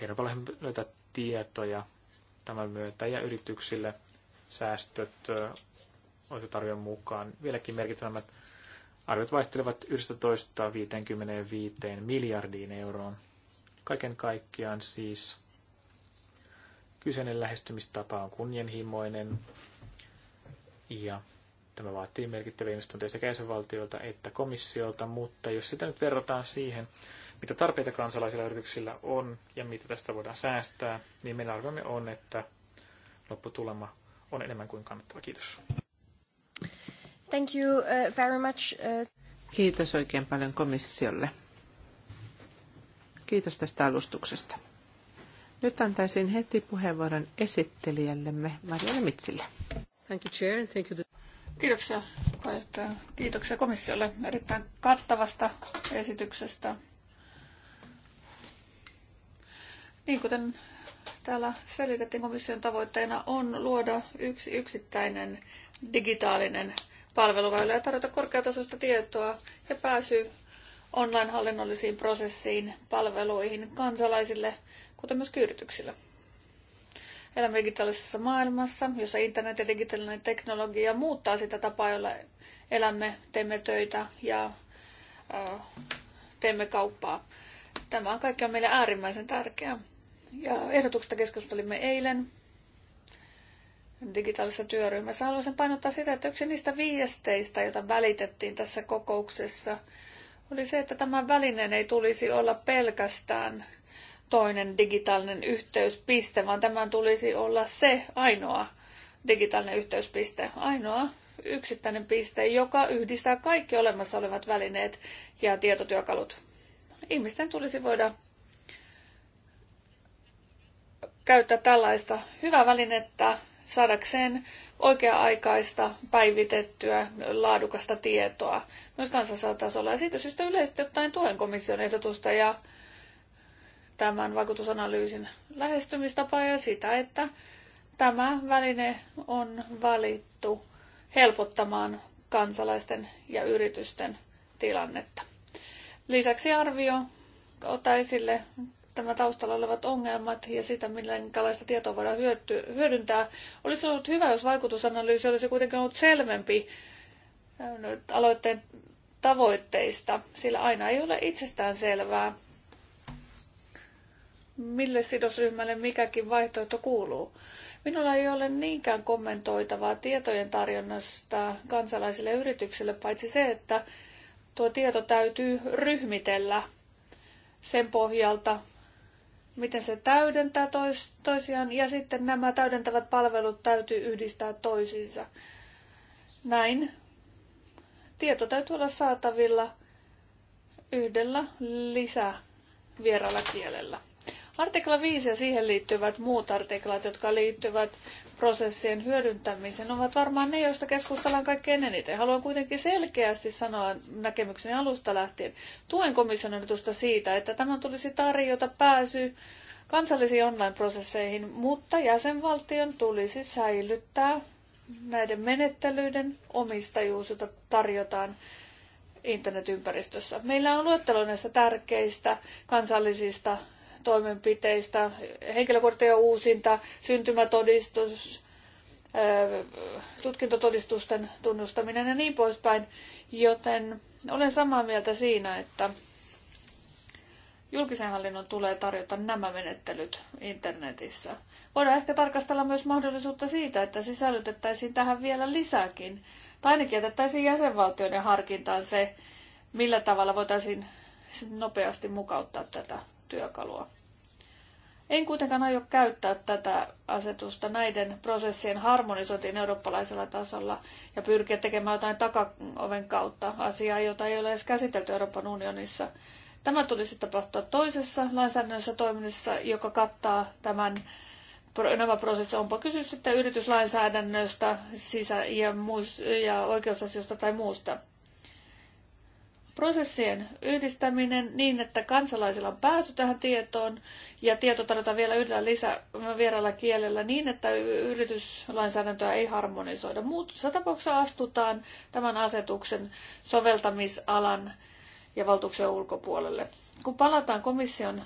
heidän paljon löytää tietoja tämän myötä ja yrityksille säästöt olisi tarjon mukaan vieläkin merkittävämmät Arvot vaihtelevat 11-55 miljardiin euroon. Kaiken kaikkiaan siis kyseinen lähestymistapa on kunnianhimoinen ja tämä vaatii merkittäviä investointeja sekä jäsenvaltiolta että komissiolta, mutta jos sitä nyt verrataan siihen, mitä tarpeita kansalaisilla yrityksillä on ja mitä tästä voidaan säästää, niin meidän arvomme on, että lopputulema on enemmän kuin kannattava. Kiitos. Thank you uh, very much. Uh, Kiitos oikein paljon komissiolle. Kiitos tästä alustuksesta. Nyt antaisin heti puheenvuoron esittelijällemme Marjalle Mitsille. Thank you, Chair. Thank you Kiitoksia puheenjohtaja. Kiitoksia komissiolle erittäin kattavasta esityksestä. Niin kuten täällä selitettiin, komission tavoitteena on luoda yksi yksittäinen digitaalinen palveluväyliä ja tarjota korkeatasoista tietoa ja pääsy online-hallinnollisiin prosessiin, palveluihin kansalaisille, kuten myös yrityksille. Elämme digitaalisessa maailmassa, jossa internet ja digitaalinen teknologia muuttaa sitä tapaa, jolla elämme, teemme töitä ja äh, teemme kauppaa. Tämä kaikki on meille äärimmäisen tärkeää. Ja ehdotuksesta keskustelimme eilen digitaalisessa työryhmässä. Haluaisin painottaa sitä, että yksi niistä viesteistä, joita välitettiin tässä kokouksessa, oli se, että tämän välineen ei tulisi olla pelkästään toinen digitaalinen yhteyspiste, vaan tämän tulisi olla se ainoa digitaalinen yhteyspiste, ainoa yksittäinen piste, joka yhdistää kaikki olemassa olevat välineet ja tietotyökalut. Ihmisten tulisi voida käyttää tällaista hyvää välinettä saadakseen oikea-aikaista, päivitettyä, laadukasta tietoa myös kansallisella tasolla. Ja siitä syystä yleisesti ottaen tuen komission ehdotusta ja tämän vaikutusanalyysin lähestymistapaa ja sitä, että tämä väline on valittu helpottamaan kansalaisten ja yritysten tilannetta. Lisäksi arvio ottaa esille nämä taustalla olevat ongelmat ja sitä, minkälaista tietoa voidaan hyödyntää. Olisi ollut hyvä, jos vaikutusanalyysi olisi kuitenkin ollut selvempi äh, aloitteen tavoitteista, sillä aina ei ole itsestään selvää, mille sidosryhmälle mikäkin vaihtoehto kuuluu. Minulla ei ole niinkään kommentoitavaa tietojen tarjonnasta kansalaisille yrityksille, paitsi se, että tuo tieto täytyy ryhmitellä sen pohjalta, miten se täydentää tois, toisiaan ja sitten nämä täydentävät palvelut täytyy yhdistää toisiinsa. Näin. Tieto täytyy olla saatavilla yhdellä lisävieraalla kielellä. Artikla 5 ja siihen liittyvät muut artiklat, jotka liittyvät prosessien hyödyntämiseen, ovat varmaan ne, joista keskustellaan kaikkein eniten. Haluan kuitenkin selkeästi sanoa näkemykseni alusta lähtien. Tuen komission ehdotusta siitä, että tämän tulisi tarjota pääsy kansallisiin online-prosesseihin, mutta jäsenvaltion tulisi säilyttää näiden menettelyiden omistajuus, jota tarjotaan internetympäristössä. Meillä on luettelo näistä tärkeistä kansallisista toimenpiteistä, henkilökorttien uusinta, syntymätodistus, tutkintotodistusten tunnustaminen ja niin poispäin. Joten olen samaa mieltä siinä, että julkisen hallinnon tulee tarjota nämä menettelyt internetissä. Voidaan ehkä tarkastella myös mahdollisuutta siitä, että sisällytettäisiin tähän vielä lisääkin. Tai ainakin jätettäisiin jäsenvaltioiden harkintaan se, millä tavalla voitaisiin nopeasti mukauttaa tätä työkalua. En kuitenkaan aio käyttää tätä asetusta näiden prosessien harmonisointiin eurooppalaisella tasolla ja pyrkiä tekemään jotain takaoven kautta asiaa, jota ei ole edes käsitelty Euroopan unionissa. Tämä tulisi tapahtua toisessa lainsäädännössä toiminnassa, joka kattaa tämän, nämä prosessit. Onpa kysy sitten yrityslainsäädännöstä, sisä- ja, muus- ja oikeusasioista tai muusta prosessien yhdistäminen niin, että kansalaisilla on pääsy tähän tietoon ja tieto tarjotaan vielä yhdellä lisävieraalla kielellä niin, että yrityslainsäädäntöä ei harmonisoida. Muutossa tapauksessa astutaan tämän asetuksen soveltamisalan ja valtuuksen ulkopuolelle. Kun palataan komission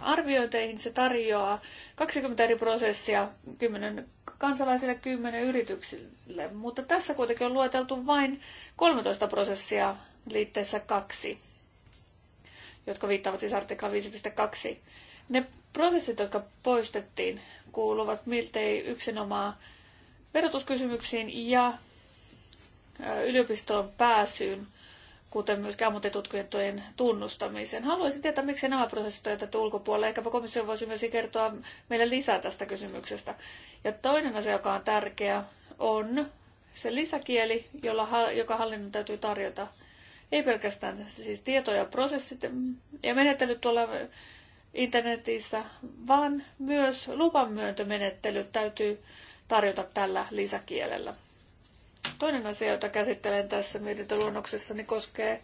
arviointeihin. Se tarjoaa 20 eri prosessia 10 kansalaisille 10 yrityksille, mutta tässä kuitenkin on lueteltu vain 13 prosessia liitteessä 2, jotka viittaavat siis artikla 5.2. Ne prosessit, jotka poistettiin, kuuluvat miltei yksinomaan verotuskysymyksiin ja yliopistoon pääsyyn kuten myöskään ammattitutkintojen tunnustamisen. Haluaisin tietää, miksi nämä prosessit on jätetty ulkopuolelle. Ehkäpä komissio voisi myös kertoa meille lisää tästä kysymyksestä. Ja toinen asia, joka on tärkeä, on se lisäkieli, jolla, joka hallinnon täytyy tarjota. Ei pelkästään siis tietoja, prosessit ja menettelyt tuolla internetissä, vaan myös lupanmyöntömenettelyt täytyy tarjota tällä lisäkielellä. Toinen asia, jota käsittelen tässä niin koskee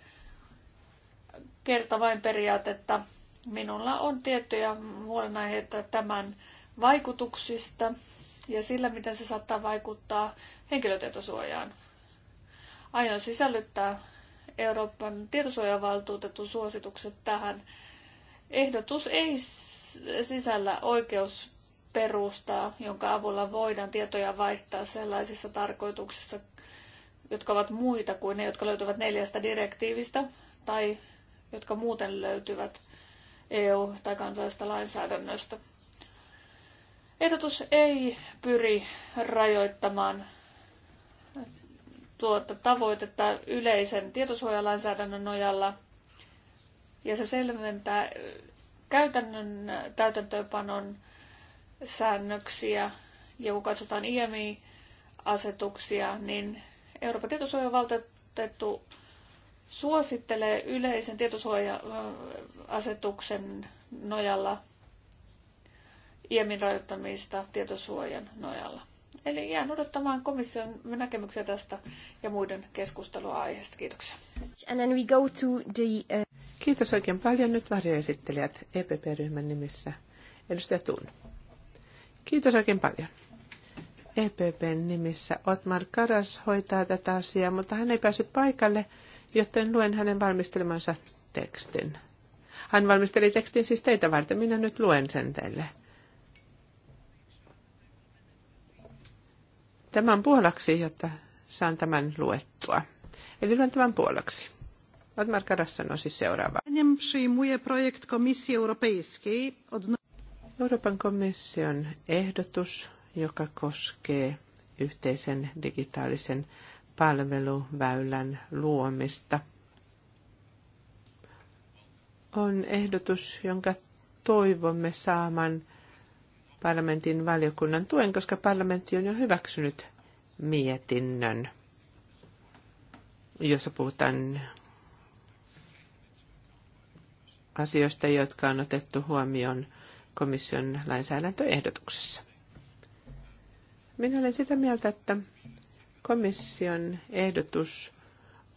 kerta vain periaatetta. Minulla on tiettyjä huolenaiheita tämän vaikutuksista ja sillä, miten se saattaa vaikuttaa henkilötietosuojaan. Aion sisällyttää Euroopan tietosuojavaltuutetun suositukset tähän. Ehdotus ei sisällä perustaa, jonka avulla voidaan tietoja vaihtaa sellaisissa tarkoituksissa jotka ovat muita kuin ne, jotka löytyvät neljästä direktiivistä tai jotka muuten löytyvät EU- tai kansallisesta lainsäädännöstä. Ehdotus ei pyri rajoittamaan tuota tavoitetta yleisen tietosuojalainsäädännön nojalla, ja se selventää käytännön täytäntöönpanon säännöksiä, ja kun katsotaan IMI-asetuksia, niin Euroopan tietosuojavaltuutettu suosittelee yleisen tietosuoja-asetuksen nojalla IEMin rajoittamista tietosuojan nojalla. Eli jään odottamaan komission näkemyksiä tästä ja muiden keskustelua aiheesta. Kiitoksia. And then we go to the, uh... Kiitos oikein paljon nyt varjoesittelijät EPP-ryhmän nimissä. Edustaja Tuun. Kiitos oikein paljon. EPPn nimissä. Otmar Karas hoitaa tätä asiaa, mutta hän ei päässyt paikalle, joten luen hänen valmistelemansa tekstin. Hän valmisteli tekstin siis teitä varten, minä nyt luen sen teille. Tämän puolaksi, jotta saan tämän luettua. Eli luen tämän puolaksi. Otmar Karas sanoi siis seuraavaa. Euroopan komission ehdotus joka koskee yhteisen digitaalisen palveluväylän luomista, on ehdotus, jonka toivomme saaman parlamentin valiokunnan tuen, koska parlamentti on jo hyväksynyt mietinnön, jossa puhutaan asioista, jotka on otettu huomioon komission lainsäädäntöehdotuksessa. Minä olen sitä mieltä, että komission ehdotus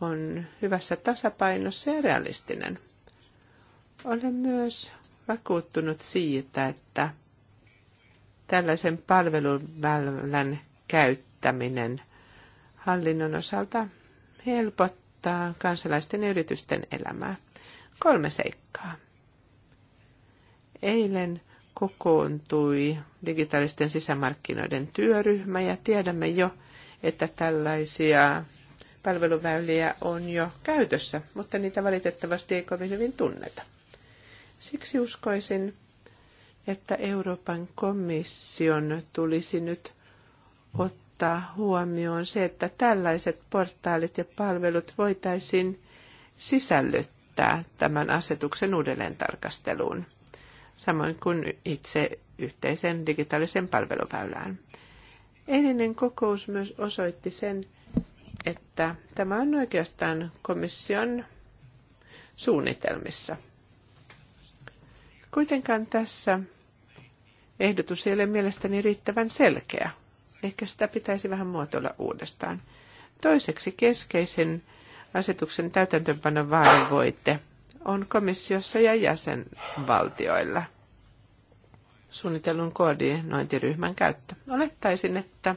on hyvässä tasapainossa ja realistinen. Olen myös vakuuttunut siitä, että tällaisen palveluvälän käyttäminen hallinnon osalta helpottaa kansalaisten ja yritysten elämää. Kolme seikkaa. Eilen kokoontui digitaalisten sisämarkkinoiden työryhmä ja tiedämme jo, että tällaisia palveluväyliä on jo käytössä, mutta niitä valitettavasti ei kovin hyvin tunneta. Siksi uskoisin, että Euroopan komission tulisi nyt ottaa huomioon se, että tällaiset portaalit ja palvelut voitaisiin sisällyttää tämän asetuksen uudelleen tarkasteluun samoin kuin itse yhteisen digitaalisen palveluväylään. Eilinen kokous myös osoitti sen, että tämä on oikeastaan komission suunnitelmissa. Kuitenkaan tässä ehdotus ei ole mielestäni riittävän selkeä. Ehkä sitä pitäisi vähän muotoilla uudestaan. Toiseksi keskeisen asetuksen täytäntöönpanon vaalivoite – on komissiossa ja jäsenvaltioilla suunnitellun koordinointiryhmän käyttö. Olettaisin, että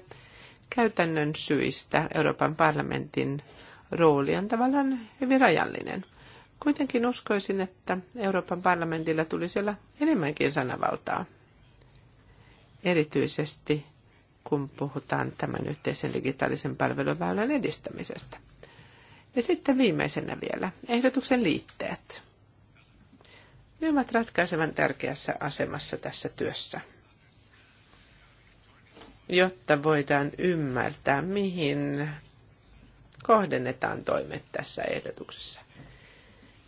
käytännön syistä Euroopan parlamentin rooli on tavallaan hyvin rajallinen. Kuitenkin uskoisin, että Euroopan parlamentilla tulisi olla enemmänkin sanavaltaa. Erityisesti kun puhutaan tämän yhteisen digitaalisen palveluväylän edistämisestä. Ja sitten viimeisenä vielä ehdotuksen liitteet. Ne ovat ratkaisevan tärkeässä asemassa tässä työssä, jotta voidaan ymmärtää, mihin kohdennetaan toimet tässä ehdotuksessa.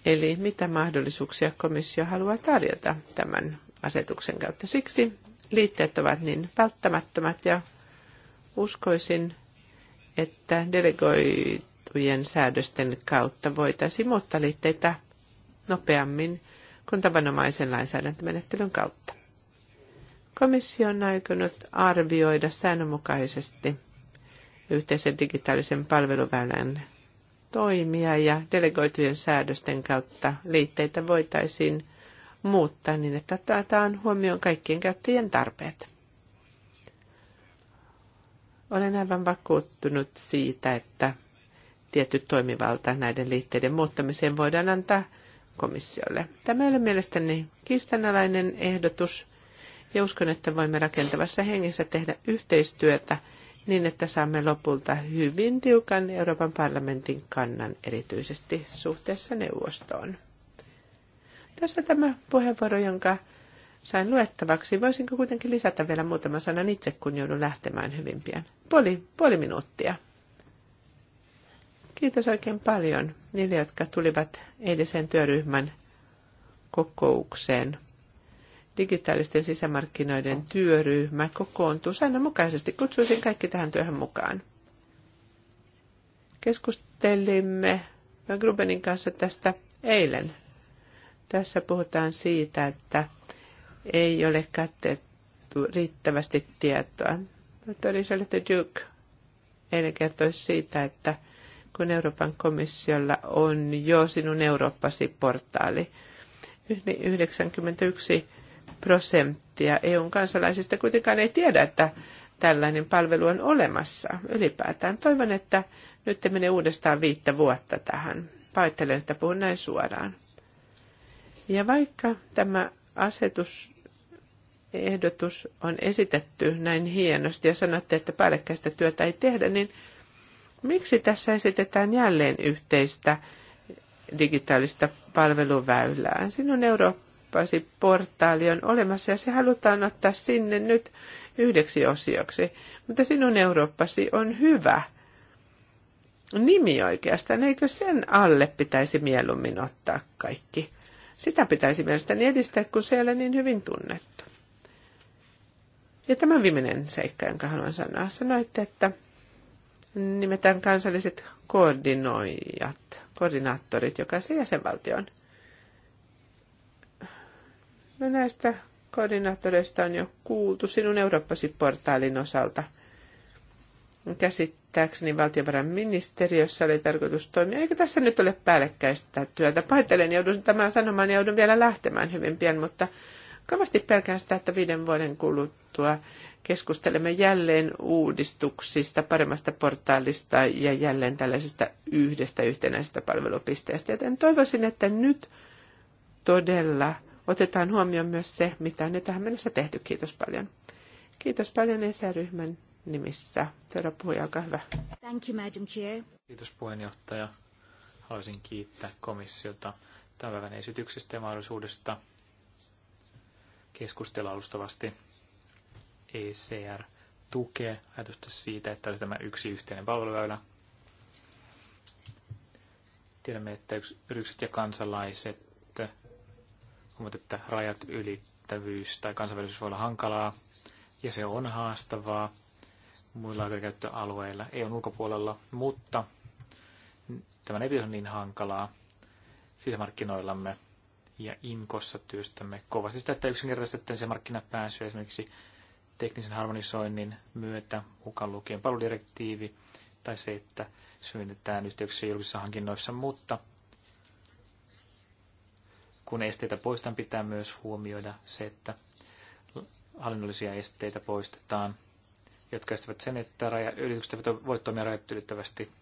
Eli mitä mahdollisuuksia komissio haluaa tarjota tämän asetuksen kautta. Siksi liitteet ovat niin välttämättömät ja uskoisin, että delegoit annettujen säädösten kautta voitaisiin muuttaa liitteitä nopeammin kuin tavanomaisen lainsäädäntömenettelyn kautta. Komissio on aikonut arvioida säännönmukaisesti yhteisen digitaalisen palveluväylän toimia ja delegoitujen säädösten kautta liitteitä voitaisiin muuttaa niin, että taataan huomioon kaikkien käyttäjien tarpeet. Olen aivan vakuuttunut siitä, että tietty toimivalta näiden liitteiden muuttamiseen voidaan antaa komissiolle. Tämä ei ole mielestäni kiistanalainen ehdotus ja uskon, että voimme rakentavassa hengessä tehdä yhteistyötä niin, että saamme lopulta hyvin tiukan Euroopan parlamentin kannan erityisesti suhteessa neuvostoon. Tässä tämä puheenvuoro, jonka sain luettavaksi. Voisinko kuitenkin lisätä vielä muutaman sanan itse, kun joudun lähtemään hyvin pian? Puoli, puoli minuuttia. Kiitos oikein paljon niille, jotka tulivat eilisen työryhmän kokoukseen. Digitaalisten sisämarkkinoiden työryhmä kokoontuu säännönmukaisesti. Kutsuisin kaikki tähän työhön mukaan. Keskustelimme Grubenin kanssa tästä eilen. Tässä puhutaan siitä, että ei ole kattettu riittävästi tietoa. Tohtori Charlotte Duke eilen kertoi siitä, että kun Euroopan komissiolla on jo sinun Eurooppasi portaali. 91 prosenttia EUn kansalaisista kuitenkaan ei tiedä, että tällainen palvelu on olemassa ylipäätään. Toivon, että nyt menee uudestaan viittä vuotta tähän. Paittelen, että puhun näin suoraan. Ja vaikka tämä asetus, ehdotus on esitetty näin hienosti ja sanotte, että päällekkäistä työtä ei tehdä, niin Miksi tässä esitetään jälleen yhteistä digitaalista palveluväylää? Sinun Eurooppasi portaali on olemassa ja se halutaan ottaa sinne nyt yhdeksi osioksi. Mutta sinun Eurooppasi on hyvä nimi oikeastaan. Eikö sen alle pitäisi mieluummin ottaa kaikki? Sitä pitäisi mielestäni edistää, kun se ei ole niin hyvin tunnettu. Ja tämä viimeinen seikka, jonka haluan sanoa, sanoitte, että nimetään kansalliset koordinoijat, koordinaattorit jokaisen jäsenvaltion. No näistä koordinaattoreista on jo kuultu sinun Eurooppasi-portaalin osalta. Käsittääkseni valtiovarainministeriössä oli tarkoitus toimia. Eikö tässä nyt ole päällekkäistä työtä? Pahoittelen, joudun tämän sanomaan ja joudun vielä lähtemään hyvin pian, mutta Kovasti pelkään sitä, että viiden vuoden kuluttua keskustelemme jälleen uudistuksista, paremmasta portaalista ja jälleen tällaisesta yhdestä yhtenäisestä palvelupisteestä. Joten toivoisin, että nyt todella otetaan huomioon myös se, mitä on jo tähän mennessä tehty. Kiitos paljon. Kiitos paljon ESA-ryhmän nimissä. Seuraava puhuja, olkaa hyvä. Thank you, Madam Chair. Kiitos puheenjohtaja. Haluaisin kiittää komissiota tämän päivän esityksestä ja mahdollisuudesta keskustella alustavasti. ECR tukea ajatusta siitä, että olisi tämä yksi yhteinen palveluväylä. Tiedämme, että yritykset ja kansalaiset ovat, että rajat ylittävyys tai kansainvälisyys voi olla hankalaa, ja se on haastavaa muilla aikakäyttöalueilla, ei on ulkopuolella, mutta tämä ei pitäisi niin hankalaa sisämarkkinoillamme ja inkossa työstämme kovasti sitä, että yksinkertaisesti se markkinapääsy esimerkiksi teknisen harmonisoinnin myötä, mukaan lukien paludirektiivi, tai se, että syvennetään yhteyksiä julkisissa hankinnoissa, mutta kun esteitä poistetaan, pitää myös huomioida se, että hallinnollisia esteitä poistetaan, jotka estävät sen, että yritykset eivät voi toimia rajat ylittävästi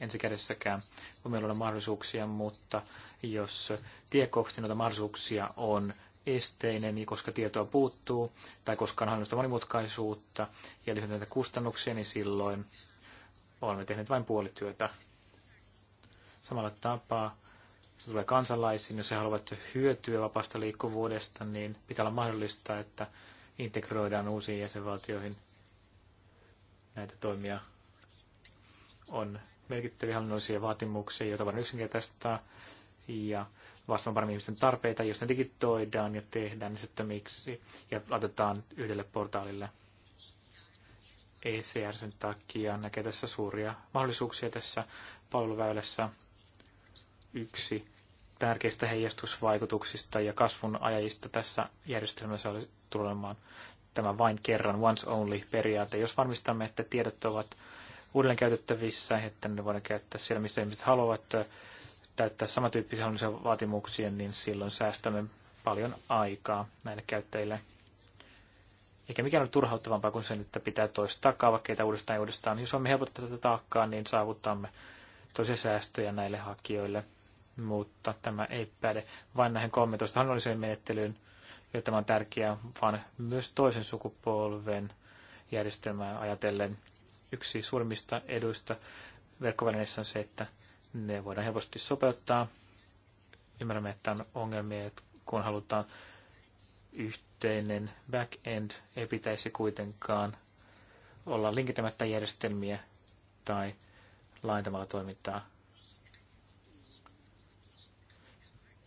ensikädessäkään voi meillä olla mahdollisuuksia, mutta jos tie kohti noita mahdollisuuksia on esteinen, niin koska tietoa puuttuu tai koska on hallinnosta monimutkaisuutta ja näitä kustannuksia, niin silloin olemme tehneet vain puolityötä. Samalla tapaa se tulee kansalaisiin, jos he haluavat hyötyä vapaasta liikkuvuudesta, niin pitää olla mahdollista, että integroidaan uusiin jäsenvaltioihin näitä toimia on merkittäviä hallinnollisia vaatimuksia, joita voidaan yksinkertaistaa ja vastaan paremmin ihmisten tarpeita, jos ne digitoidaan ja tehdään miksi ja laitetaan yhdelle portaalille. ECR sen takia näkee tässä suuria mahdollisuuksia tässä palveluväylässä. Yksi tärkeistä heijastusvaikutuksista ja kasvun ajajista tässä järjestelmässä oli tulemaan tämä vain kerran, once only periaate. Jos varmistamme, että tiedot ovat uudelleen käytettävissä, että ne voidaan käyttää siellä, missä ihmiset haluavat äh, täyttää samantyyppisiä hallinnollisia vaatimuksia, niin silloin säästämme paljon aikaa näille käyttäjille. Eikä mikään ole turhauttavampaa kuin se, että pitää toistaa kaavakkeita uudestaan ja uudestaan. Jos olemme helpottaa tätä taakkaa, niin saavutamme tosi säästöjä näille hakijoille. Mutta tämä ei päde vain näihin 13 hallinnolliseen menettelyyn, ja tämä on tärkeää, vaan myös toisen sukupolven järjestelmää ajatellen. Yksi suurimmista eduista verkkovälineissä on se, että ne voidaan helposti sopeuttaa. Ymmärrämme, että on ongelmia, että kun halutaan yhteinen backend, ei pitäisi kuitenkaan olla linkitämättä järjestelmiä tai laajentamalla toimintaa.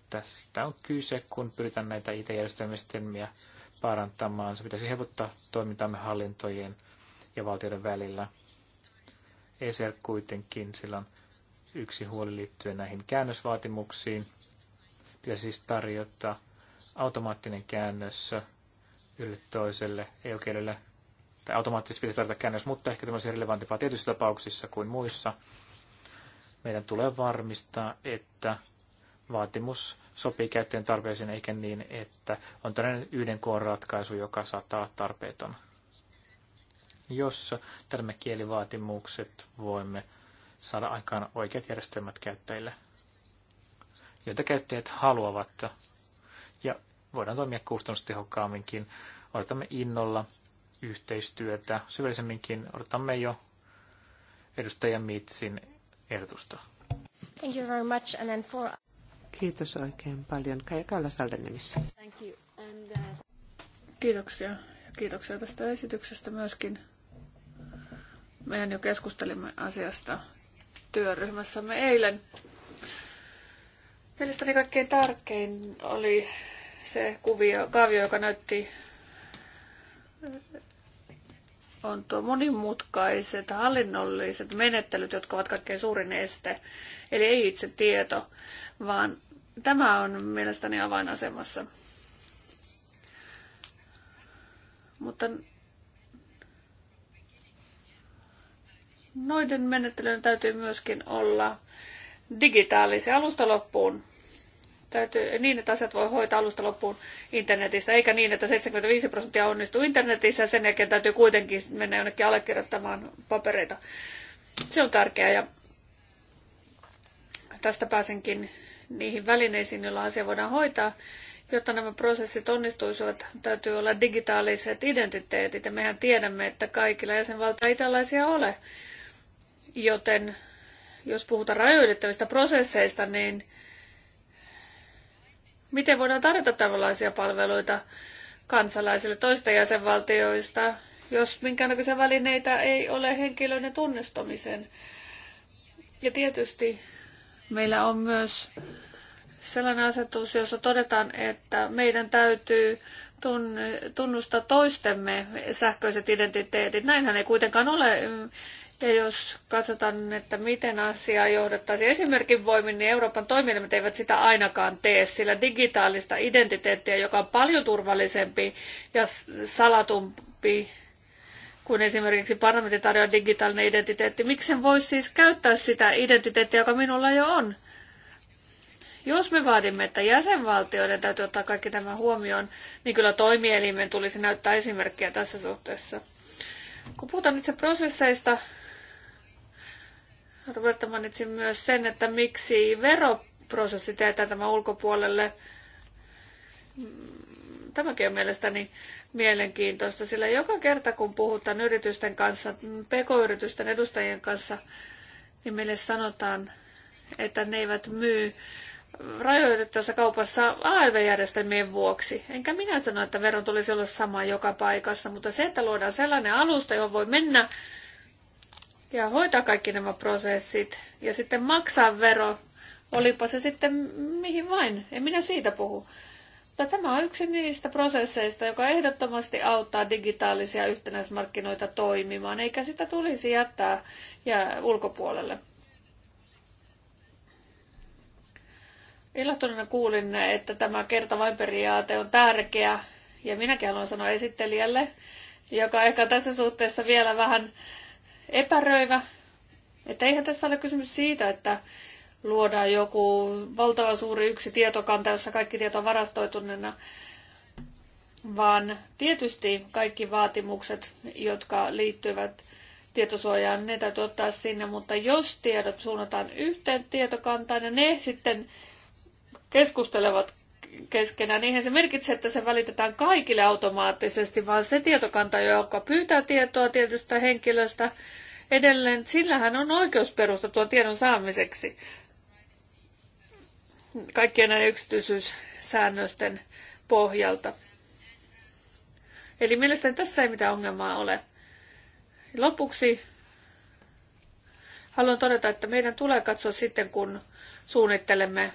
Tästä on kyse, kun pyritään näitä IT-järjestelmiä parantamaan. Se pitäisi helpottaa toimintamme hallintojen ja valtioiden välillä. ESER kuitenkin, sillä on yksi huoli liittyen näihin käännösvaatimuksiin. Pitäisi siis tarjota automaattinen käännös yhdelle toiselle eu tai automaattisesti pitäisi tarjota käännös, mutta ehkä tämmöisiä olisi relevantimpaa tietyissä tapauksissa kuin muissa. Meidän tulee varmistaa, että vaatimus sopii käyttäjän tarpeeseen, eikä niin, että on tällainen yhden koon ratkaisu, joka saattaa olla tarpeeton jos täytämme kielivaatimukset, voimme saada aikaan oikeat järjestelmät käyttäjille, joita käyttäjät haluavat. Ja voidaan toimia kustannustehokkaamminkin. Odotamme innolla yhteistyötä. Syvällisemminkin odotamme jo edustaja Mitsin ehdotusta. Thank you very much. And then for... Kiitos oikein paljon. Kaija Kallasalden nimissä. Thank you. And, uh... Kiitoksia. Ja kiitoksia tästä esityksestä myöskin. Mehän jo keskustelimme asiasta työryhmässämme eilen. Mielestäni kaikkein tärkein oli se kuvio, kaavio, joka näytti on tuo monimutkaiset hallinnolliset menettelyt, jotka ovat kaikkein suurin este. Eli ei itse tieto, vaan tämä on mielestäni avainasemassa. Mutta noiden menettelyjen täytyy myöskin olla digitaalisia alusta loppuun. Täytyy, niin, että asiat voi hoitaa alusta loppuun internetissä, eikä niin, että 75 prosenttia onnistuu internetissä ja sen jälkeen täytyy kuitenkin mennä jonnekin allekirjoittamaan papereita. Se on tärkeää ja tästä pääsenkin niihin välineisiin, joilla asia voidaan hoitaa. Jotta nämä prosessit onnistuisivat, täytyy olla digitaaliset identiteetit ja mehän tiedämme, että kaikilla jäsenvaltioilla ei tällaisia ole. Joten jos puhutaan rajoitettavista prosesseista, niin miten voidaan tarjota tällaisia palveluita kansalaisille toista jäsenvaltioista, jos minkäännäköisiä välineitä ei ole henkilöiden tunnistamisen. Ja tietysti meillä on myös sellainen asetus, jossa todetaan, että meidän täytyy tunnustaa toistemme sähköiset identiteetit. Näinhän ei kuitenkaan ole ja jos katsotaan, että miten asiaa johdettaisiin esimerkin voimin, niin Euroopan toimielimet eivät sitä ainakaan tee, sillä digitaalista identiteettiä, joka on paljon turvallisempi ja salatumpi kuin esimerkiksi parlamentti tarjoaa digitaalinen identiteetti, sen voisi siis käyttää sitä identiteettiä, joka minulla jo on? Jos me vaadimme, että jäsenvaltioiden täytyy ottaa kaikki tämä huomioon, niin kyllä toimielimen tulisi näyttää esimerkkiä tässä suhteessa. Kun puhutaan itse prosesseista, Roberta mainitsi myös sen, että miksi veroprosessi teetään tämä ulkopuolelle. Tämäkin on mielestäni mielenkiintoista, sillä joka kerta kun puhutaan yritysten kanssa, pk-yritysten edustajien kanssa, niin meille sanotaan, että ne eivät myy rajoitettavassa kaupassa arv järjestelmien vuoksi. Enkä minä sano, että veron tulisi olla sama joka paikassa, mutta se, että luodaan sellainen alusta, johon voi mennä ja hoitaa kaikki nämä prosessit ja sitten maksaa vero, olipa se sitten mihin vain. En minä siitä puhu. Mutta tämä on yksi niistä prosesseista, joka ehdottomasti auttaa digitaalisia yhtenäismarkkinoita toimimaan, eikä sitä tulisi jättää ja ulkopuolelle. Ilahtuneena kuulin, että tämä kertavain periaate on tärkeä, ja minäkin haluan sanoa esittelijälle, joka ehkä tässä suhteessa vielä vähän epäröivä. Että eihän tässä ole kysymys siitä, että luodaan joku valtava suuri yksi tietokanta, jossa kaikki tieto on varastoituneena, vaan tietysti kaikki vaatimukset, jotka liittyvät tietosuojaan, ne täytyy ottaa sinne, mutta jos tiedot suunnataan yhteen tietokantaan ja ne sitten keskustelevat keskenään, niinhän se merkitsee, että se välitetään kaikille automaattisesti, vaan se tietokanta, joka pyytää tietoa tietystä henkilöstä edelleen, sillähän on oikeus tuon tiedon saamiseksi kaikkien näiden yksityisyyssäännösten pohjalta. Eli mielestäni tässä ei mitään ongelmaa ole. Lopuksi haluan todeta, että meidän tulee katsoa sitten, kun suunnittelemme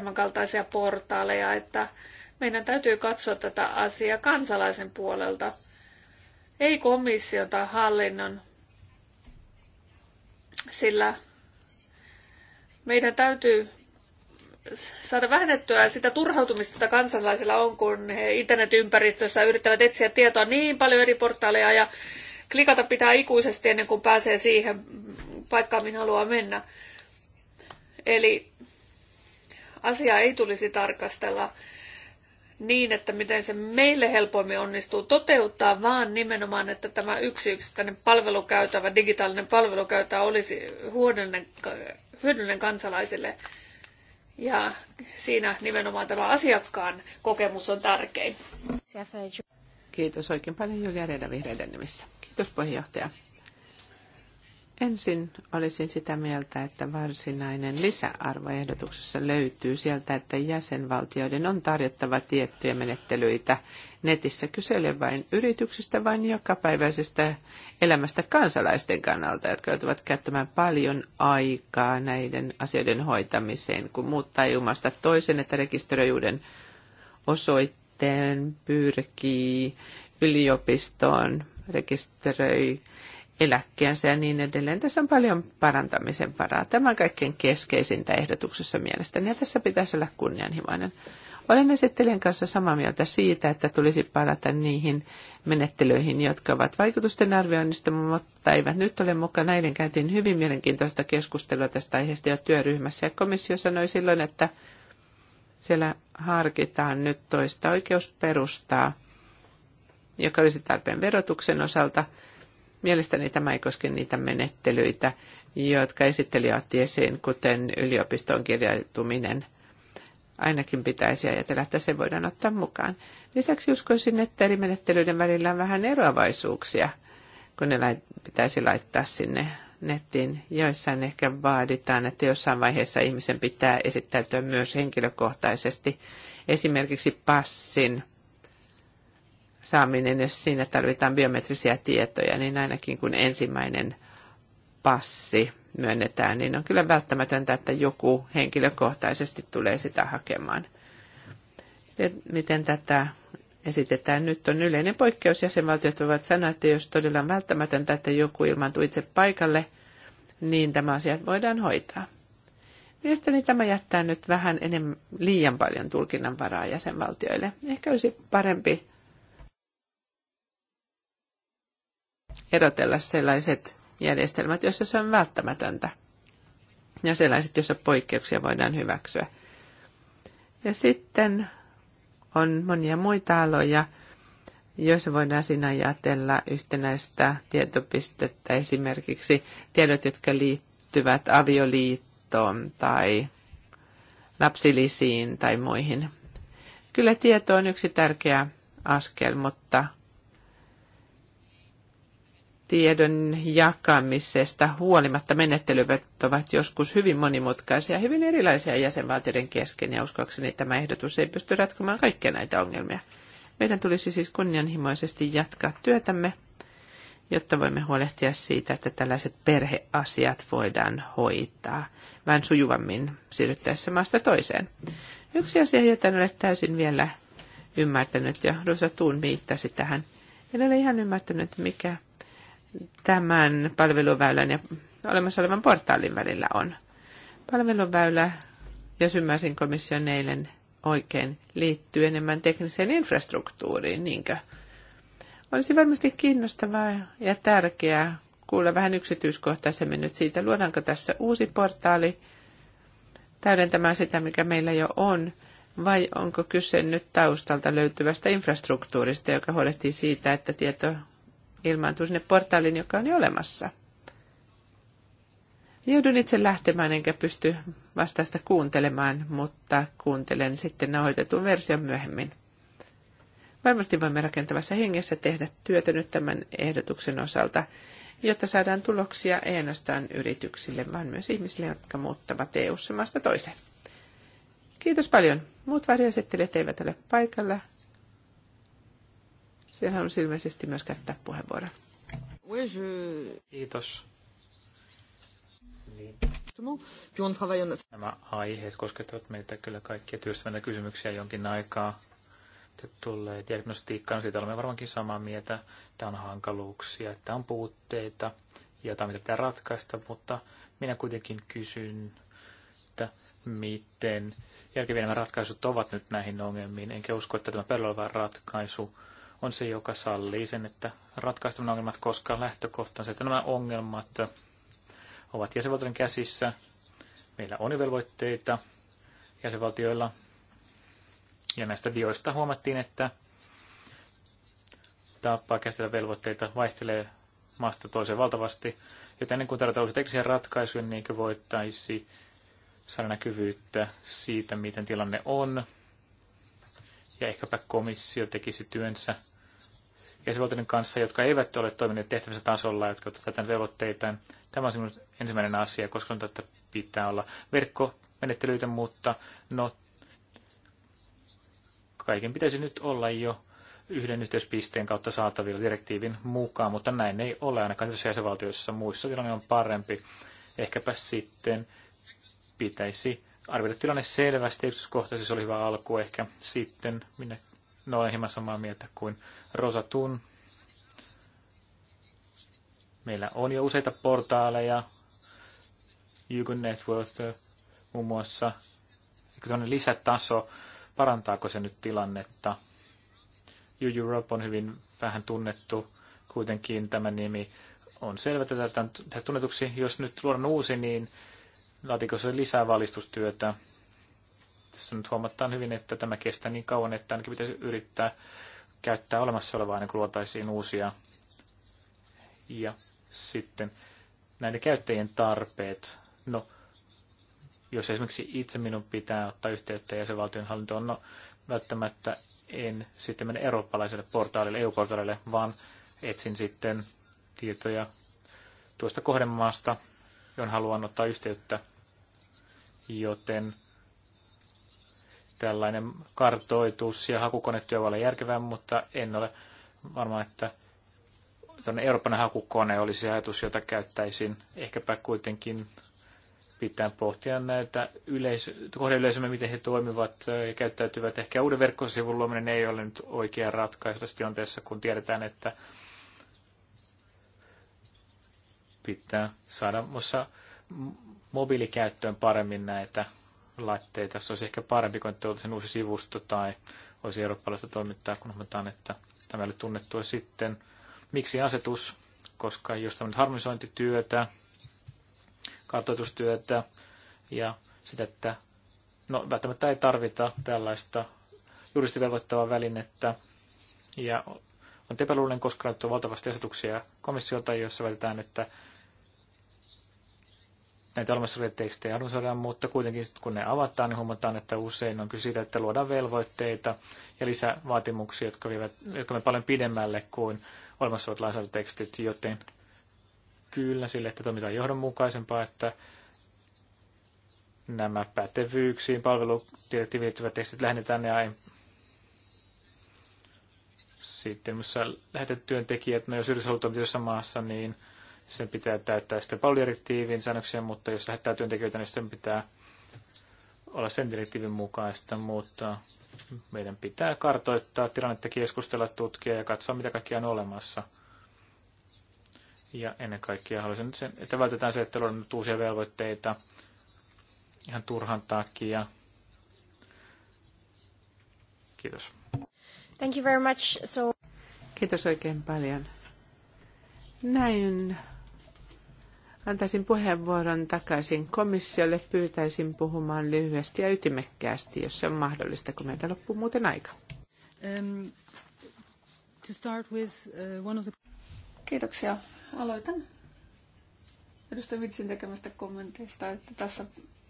tämän kaltaisia portaaleja, että meidän täytyy katsoa tätä asiaa kansalaisen puolelta, ei komission tai hallinnon, sillä meidän täytyy saada vähennettyä sitä turhautumista, jota kansalaisilla on, kun he internetympäristössä yrittävät etsiä tietoa niin paljon eri portaaleja ja klikata pitää ikuisesti ennen kuin pääsee siihen paikkaan, mihin haluaa mennä. Eli asiaa ei tulisi tarkastella niin, että miten se meille helpommin onnistuu toteuttaa, vaan nimenomaan, että tämä yksi yksittäinen palvelukäytävä, digitaalinen palvelukäytävä olisi hyödyllinen, hyödyllinen kansalaisille. Ja siinä nimenomaan tämä asiakkaan kokemus on tärkein. Kiitos oikein paljon Julia Reda vihreiden nimissä. Kiitos puheenjohtaja. Ensin olisin sitä mieltä, että varsinainen lisäarvo ehdotuksessa löytyy sieltä, että jäsenvaltioiden on tarjottava tiettyjä menettelyitä netissä kysele vain yrityksistä, vain jokapäiväisestä elämästä kansalaisten kannalta, jotka joutuvat käyttämään paljon aikaa näiden asioiden hoitamiseen, kun muut tajumasta toisen, että rekisteröijuuden osoitteen pyrkii yliopistoon, rekisteröi eläkkeensä ja niin edelleen. Tässä on paljon parantamisen varaa. Tämä on kaikkein keskeisintä ehdotuksessa mielestäni ja tässä pitäisi olla kunnianhimoinen. Olen esittelijän kanssa samaa mieltä siitä, että tulisi palata niihin menettelyihin, jotka ovat vaikutusten arvioinnista, mutta eivät nyt ole mukana. näiden käytiin hyvin mielenkiintoista keskustelua tästä aiheesta jo työryhmässä ja komissio sanoi silloin, että siellä harkitaan nyt toista oikeusperustaa, joka olisi tarpeen verotuksen osalta – Mielestäni tämä ei koske niitä menettelyitä, jotka esittelijä otti esiin, kuten yliopistoon kirjautuminen. Ainakin pitäisi ajatella, että se voidaan ottaa mukaan. Lisäksi uskoisin, että eri menettelyiden välillä on vähän eroavaisuuksia, kun ne pitäisi laittaa sinne nettiin. Joissain ehkä vaaditaan, että jossain vaiheessa ihmisen pitää esittäytyä myös henkilökohtaisesti, esimerkiksi passin saaminen, jos siinä tarvitaan biometrisiä tietoja, niin ainakin kun ensimmäinen passi myönnetään, niin on kyllä välttämätöntä, että joku henkilökohtaisesti tulee sitä hakemaan. miten tätä esitetään nyt on yleinen poikkeus. Jäsenvaltiot voivat sanoa, että jos todella on välttämätöntä, että joku ilmaantuu itse paikalle, niin tämä asiat voidaan hoitaa. Mielestäni tämä jättää nyt vähän enemmän, liian paljon tulkinnanvaraa jäsenvaltioille. Ehkä olisi parempi erotella sellaiset järjestelmät, joissa se on välttämätöntä, ja sellaiset, joissa poikkeuksia voidaan hyväksyä. Ja sitten on monia muita aloja, joissa voidaan siinä ajatella yhtenäistä tietopistettä, esimerkiksi tiedot, jotka liittyvät avioliittoon tai lapsilisiin tai muihin. Kyllä tieto on yksi tärkeä askel, mutta tiedon jakamisesta huolimatta menettelyvät ovat joskus hyvin monimutkaisia, hyvin erilaisia jäsenvaltioiden kesken, ja uskoakseni tämä ehdotus ei pysty ratkomaan kaikkia näitä ongelmia. Meidän tulisi siis kunnianhimoisesti jatkaa työtämme, jotta voimme huolehtia siitä, että tällaiset perheasiat voidaan hoitaa vähän sujuvammin siirryttäessä maasta toiseen. Yksi asia, jota en ole täysin vielä ymmärtänyt, ja Rosa Tuun viittasi tähän, en ole ihan ymmärtänyt, mikä tämän palveluväylän ja olemassa olevan portaalin välillä on. Palveluväylä, jos ymmärsin komission eilen oikein, liittyy enemmän tekniseen infrastruktuuriin, niinkö? Olisi varmasti kiinnostavaa ja tärkeää kuulla vähän yksityiskohtaisemmin nyt siitä, luodaanko tässä uusi portaali täydentämään sitä, mikä meillä jo on, vai onko kyse nyt taustalta löytyvästä infrastruktuurista, joka huolehtii siitä, että tieto ilmaantuu sinne portaaliin, joka on jo olemassa. Joudun itse lähtemään enkä pysty vastaista kuuntelemaan, mutta kuuntelen sitten nauhoitetun version myöhemmin. Varmasti voimme rakentavassa hengessä tehdä työtä nyt tämän ehdotuksen osalta, jotta saadaan tuloksia ei ainoastaan yrityksille, vaan myös ihmisille, jotka muuttavat EU-maasta toiseen. Kiitos paljon. Muut varjoesittelijät eivät ole paikalla, siellä on ilmeisesti myös käyttää puheenvuoron. Kiitos. Niin. Nämä aiheet koskettavat meitä kyllä kaikkia työstävänä kysymyksiä jonkin aikaa. Te tulee diagnostiikkaan, siitä olemme varmaankin samaa mieltä. Tämä on hankaluuksia, tämä on puutteita, jotain mitä pitää ratkaista, mutta minä kuitenkin kysyn, että miten järkeviä nämä ratkaisut ovat nyt näihin ongelmiin. Enkä usko, että tämä pöydällä ratkaisu on se, joka sallii sen, että ratkaistaminen ongelmat, koska lähtökohta on se, että nämä ongelmat ovat jäsenvaltioiden käsissä. Meillä on velvoitteita jäsenvaltioilla. Ja näistä dioista huomattiin, että tapa käsitellä velvoitteita vaihtelee maasta toiseen valtavasti. Joten ennen kuin tarvitaan teknisiä ratkaisuja, niin voittaisi saada näkyvyyttä siitä, miten tilanne on. Ja ehkäpä komissio tekisi työnsä jäsenvaltioiden kanssa, jotka eivät ole toimineet tehtävänsä tasolla, jotka ovat tätä velvoitteita. Tämä on sinun ensimmäinen asia, koska on, että pitää olla verkkomenettelyitä, mutta no, kaiken pitäisi nyt olla jo yhden yhteyspisteen kautta saatavilla direktiivin mukaan, mutta näin ei ole ainakaan tässä jäsenvaltioissa. Muissa tilanne on parempi. Ehkäpä sitten pitäisi arvioida tilanne selvästi yksityiskohtaisesti, se oli hyvä alku ehkä. Sitten minne. No olen hieman samaa mieltä kuin Rosatun. Meillä on jo useita portaaleja, Hugo Network äh, muun muassa. Eikö lisätaso, parantaako se nyt tilannetta? You Europe on hyvin vähän tunnettu, kuitenkin tämä nimi on selvä, että tätä tunnetuksi. Jos nyt luodaan uusi, niin laatiko se lisää valistustyötä? Tässä nyt huomataan hyvin, että tämä kestää niin kauan, että ainakin pitäisi yrittää käyttää olemassa olevaa ennen kuin luotaisiin uusia. Ja sitten näiden käyttäjien tarpeet. No, jos esimerkiksi itse minun pitää ottaa yhteyttä jäsenvaltion hallintoon, no välttämättä en sitten mene eurooppalaiselle portaalille, EU-portaalille, vaan etsin sitten tietoja tuosta kohdemaasta, johon haluan ottaa yhteyttä. Joten tällainen kartoitus ja hakukonetyö voi olla järkevää, mutta en ole varma, että tuonne Euroopan hakukone olisi ajatus, jota käyttäisin. Ehkäpä kuitenkin pitää pohtia näitä yleis- kohdeyleisömme, miten he toimivat ja käyttäytyvät. Ehkä uuden verkkosivun luominen ei ole nyt oikea ratkaisu tässä tilanteessa, kun tiedetään, että pitää saada mobiilikäyttöön paremmin näitä laitteita. Se olisi ehkä parempi kuin, että olisi sen uusi sivusto tai olisi eurooppalaista toimittaa, kun huomataan, että tämä oli tunnettua sitten. Miksi asetus? Koska jos tämä harmonisointityötä, kartoitustyötä ja sitä, että no, välttämättä ei tarvita tällaista juristivelvoittavaa välinettä. Ja on tepäluullinen, koska on valtavasti asetuksia komissiolta, joissa väitetään, että näitä olemassa olevia tekstejä mutta kuitenkin kun ne avataan, niin huomataan, että usein on kyse siitä, että luodaan velvoitteita ja lisävaatimuksia, jotka, vievät, jotka me paljon pidemmälle kuin olemassa olevat lainsäädäntötekstit, joten kyllä sille, että toimitaan johdonmukaisempaa, että nämä pätevyyksiin palveludirektiiviin liittyvät tekstit lähennetään ja Sitten missä lähetetyöntekijät, no jos yritys haluaa jossain maassa, niin sen pitää täyttää sitten paljon säännöksiä, mutta jos lähettää työntekijöitä, niin sen pitää olla sen direktiivin mukaista, mutta meidän pitää kartoittaa tilannetta, keskustella, tutkia ja katsoa, mitä kaikkia on olemassa. Ja ennen kaikkea haluaisin nyt sen, että vältetään se, että on nyt uusia velvoitteita ihan turhan takia. Kiitos. Thank you very much. So... Kiitos oikein paljon. Näin Antaisin puheenvuoron takaisin komissiolle, pyytäisin puhumaan lyhyesti ja ytimekkäästi, jos se on mahdollista, kun meiltä loppuu muuten aika. Um, with, uh, the... Kiitoksia. Aloitan edustaja Vitsin tekemästä kommenteista, että tässä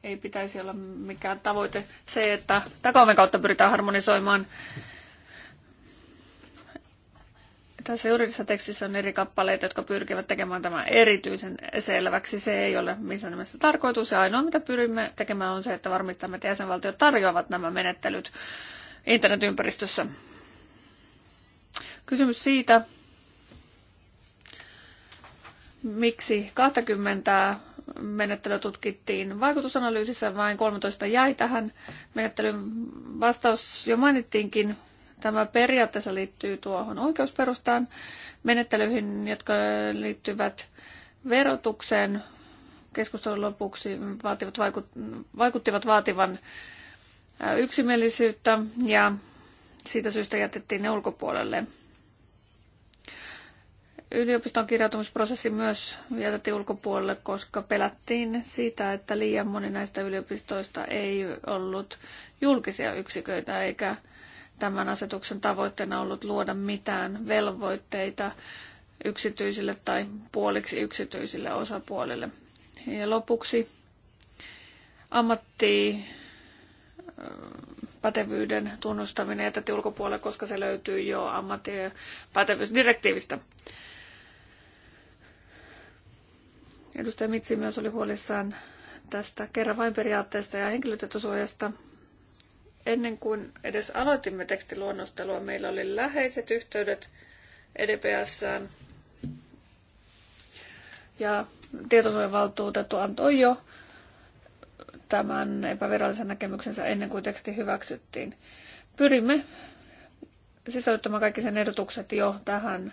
ei pitäisi olla mikään tavoite se, että takaoven kautta pyritään harmonisoimaan tässä juridisessa tekstissä on eri kappaleita, jotka pyrkivät tekemään tämän erityisen selväksi. Se ei ole missään nimessä tarkoitus ja ainoa mitä pyrimme tekemään on se, että varmistamme, että jäsenvaltiot tarjoavat nämä menettelyt internetympäristössä. Kysymys siitä, miksi 20 menettelyä tutkittiin vaikutusanalyysissä, vain 13 jäi tähän menettelyyn. Vastaus jo mainittiinkin, Tämä periaatteessa liittyy tuohon oikeusperustaan menettelyihin, jotka liittyvät verotukseen. Keskustelun lopuksi vaativat, vaikuttivat vaativan yksimielisyyttä ja siitä syystä jätettiin ne ulkopuolelle. Yliopiston kirjautumisprosessi myös jätettiin ulkopuolelle, koska pelättiin siitä, että liian moni näistä yliopistoista ei ollut julkisia yksiköitä eikä tämän asetuksen tavoitteena ollut luoda mitään velvoitteita yksityisille tai puoliksi yksityisille osapuolille. Ja lopuksi ammatti pätevyyden tunnustaminen jätettiin ulkopuolelle, koska se löytyy jo pätevyysdirektiivistä. Edustaja Mitsi myös oli huolissaan tästä kerran vain periaatteesta ja henkilötietosuojasta ennen kuin edes aloitimme tekstiluonnostelua, meillä oli läheiset yhteydet EDPSään. Ja tietosuojavaltuutettu antoi jo tämän epävirallisen näkemyksensä ennen kuin teksti hyväksyttiin. Pyrimme sisällyttämään kaikki sen ehdotukset jo tähän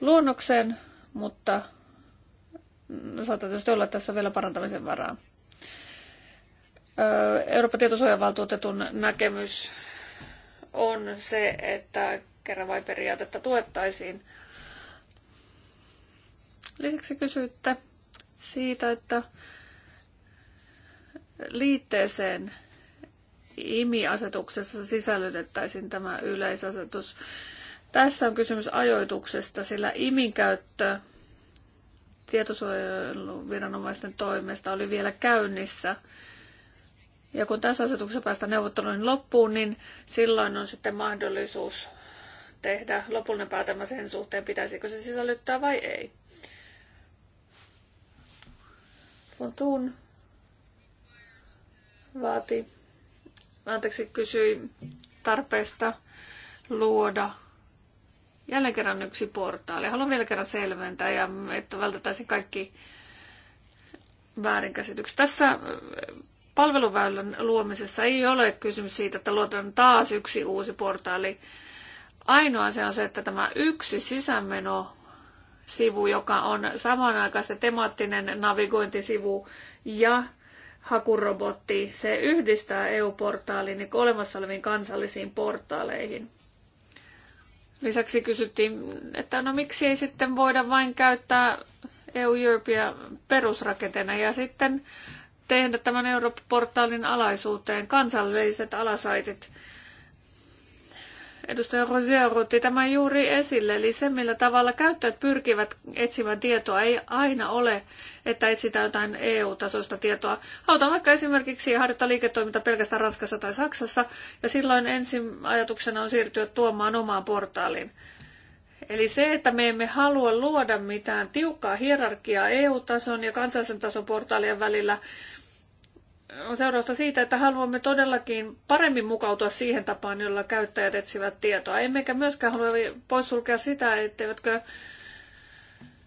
luonnokseen, mutta saattaa tietysti olla tässä vielä parantamisen varaa. Euroopan tietosuojavaltuutetun näkemys on se, että kerran vai periaatetta tuettaisiin. Lisäksi kysyitte siitä, että liitteeseen IMI-asetuksessa sisällytettäisiin tämä yleisasetus. Tässä on kysymys ajoituksesta, sillä IMIn käyttö tietosuojeluviranomaisten toimesta oli vielä käynnissä – ja kun tässä asetuksessa päästään neuvottelujen loppuun, niin silloin on sitten mahdollisuus tehdä lopullinen päätelmä sen suhteen, pitäisikö se sisällyttää vai ei. Fontun vaati, anteeksi, kysyi tarpeesta luoda jälleen kerran yksi portaali. Haluan vielä kerran selventää, ja että vältettäisiin kaikki väärinkäsitykset. Tässä palveluväylän luomisessa ei ole kysymys siitä, että luotetaan taas yksi uusi portaali. Ainoa se on se, että tämä yksi sisämeno sivu, joka on samanaikaisesti temaattinen navigointisivu ja hakurobotti, se yhdistää EU-portaalin niin olemassa oleviin kansallisiin portaaleihin. Lisäksi kysyttiin, että no miksi ei sitten voida vain käyttää EU Europea perusrakenteena ja sitten tehdä tämän Eurooppa-portaalin alaisuuteen kansalliset alasaitit. Edustaja Rosier otti tämän juuri esille, eli se millä tavalla käyttäjät pyrkivät etsimään tietoa ei aina ole, että etsitään jotain EU-tasoista tietoa. Halutaan vaikka esimerkiksi harjoittaa liiketoiminta pelkästään Ranskassa tai Saksassa, ja silloin ensin ajatuksena on siirtyä tuomaan omaan portaaliin. Eli se, että me emme halua luoda mitään tiukkaa hierarkiaa EU-tason ja kansallisen tason portaalien välillä, on seurausta siitä, että haluamme todellakin paremmin mukautua siihen tapaan, jolla käyttäjät etsivät tietoa. Emmekä myöskään halua poissulkea sitä, etteivätkö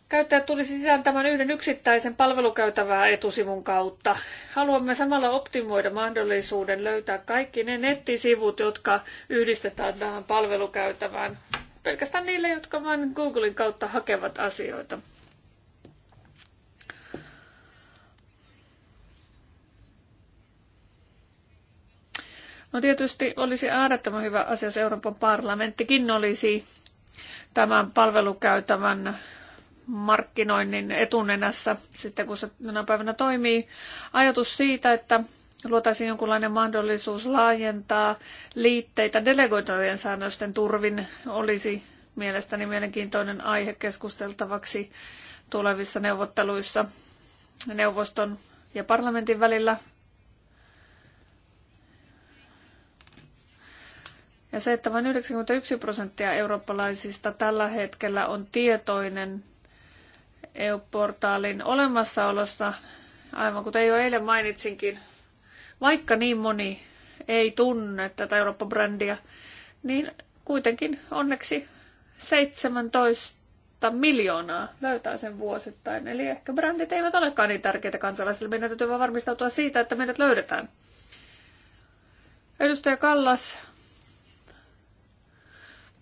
käyttäjät tulisi sisään tämän yhden yksittäisen palvelukäytävää etusivun kautta. Haluamme samalla optimoida mahdollisuuden löytää kaikki ne nettisivut, jotka yhdistetään tähän palvelukäytävään. Pelkästään niille, jotka vain Googlen kautta hakevat asioita. No tietysti olisi äärettömän hyvä asia, jos Euroopan parlamenttikin olisi tämän palvelukäytävän markkinoinnin etunenässä sitten, kun se tänä päivänä toimii. Ajatus siitä, että luotaisiin jonkunlainen mahdollisuus laajentaa liitteitä delegoitavien säännösten turvin, olisi mielestäni mielenkiintoinen aihe keskusteltavaksi tulevissa neuvotteluissa neuvoston ja parlamentin välillä. Ja se, että vain 91 prosenttia eurooppalaisista tällä hetkellä on tietoinen EU-portaalin olemassaolosta, aivan kuten jo eilen mainitsinkin, vaikka niin moni ei tunne tätä Eurooppa-brändiä, niin kuitenkin onneksi 17 miljoonaa löytää sen vuosittain. Eli ehkä brändit eivät olekaan niin tärkeitä kansalaisille. Meidän täytyy vain varmistautua siitä, että meidät löydetään. Edustaja Kallas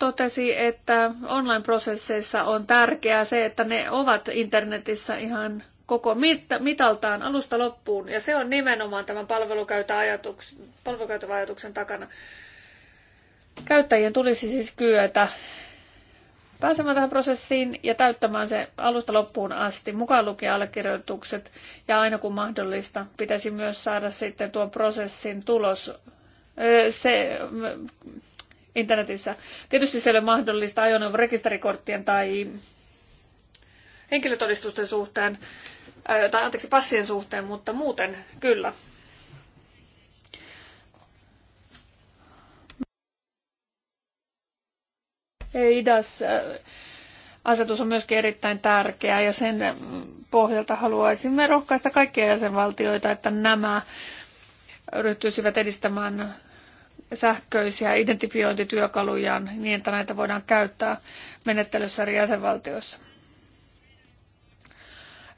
totesi, että online-prosesseissa on tärkeää se, että ne ovat internetissä ihan koko mitaltaan alusta loppuun. Ja se on nimenomaan tämän palvelukäytäajatuksen, ajatuksen takana. Käyttäjien tulisi siis kyetä pääsemään tähän prosessiin ja täyttämään se alusta loppuun asti, mukaan lukien allekirjoitukset. Ja aina kun mahdollista, pitäisi myös saada sitten tuon prosessin tulos, se internetissä. Tietysti se ei ole mahdollista ajoneuvon rekisterikorttien tai henkilötodistusten suhteen, tai anteeksi, passien suhteen, mutta muuten kyllä. EIDAS asetus on myöskin erittäin tärkeä ja sen pohjalta haluaisimme rohkaista kaikkia jäsenvaltioita, että nämä ryhtyisivät edistämään sähköisiä identifiointityökalujaan niin, että näitä voidaan käyttää menettelyssä eri jäsenvaltioissa.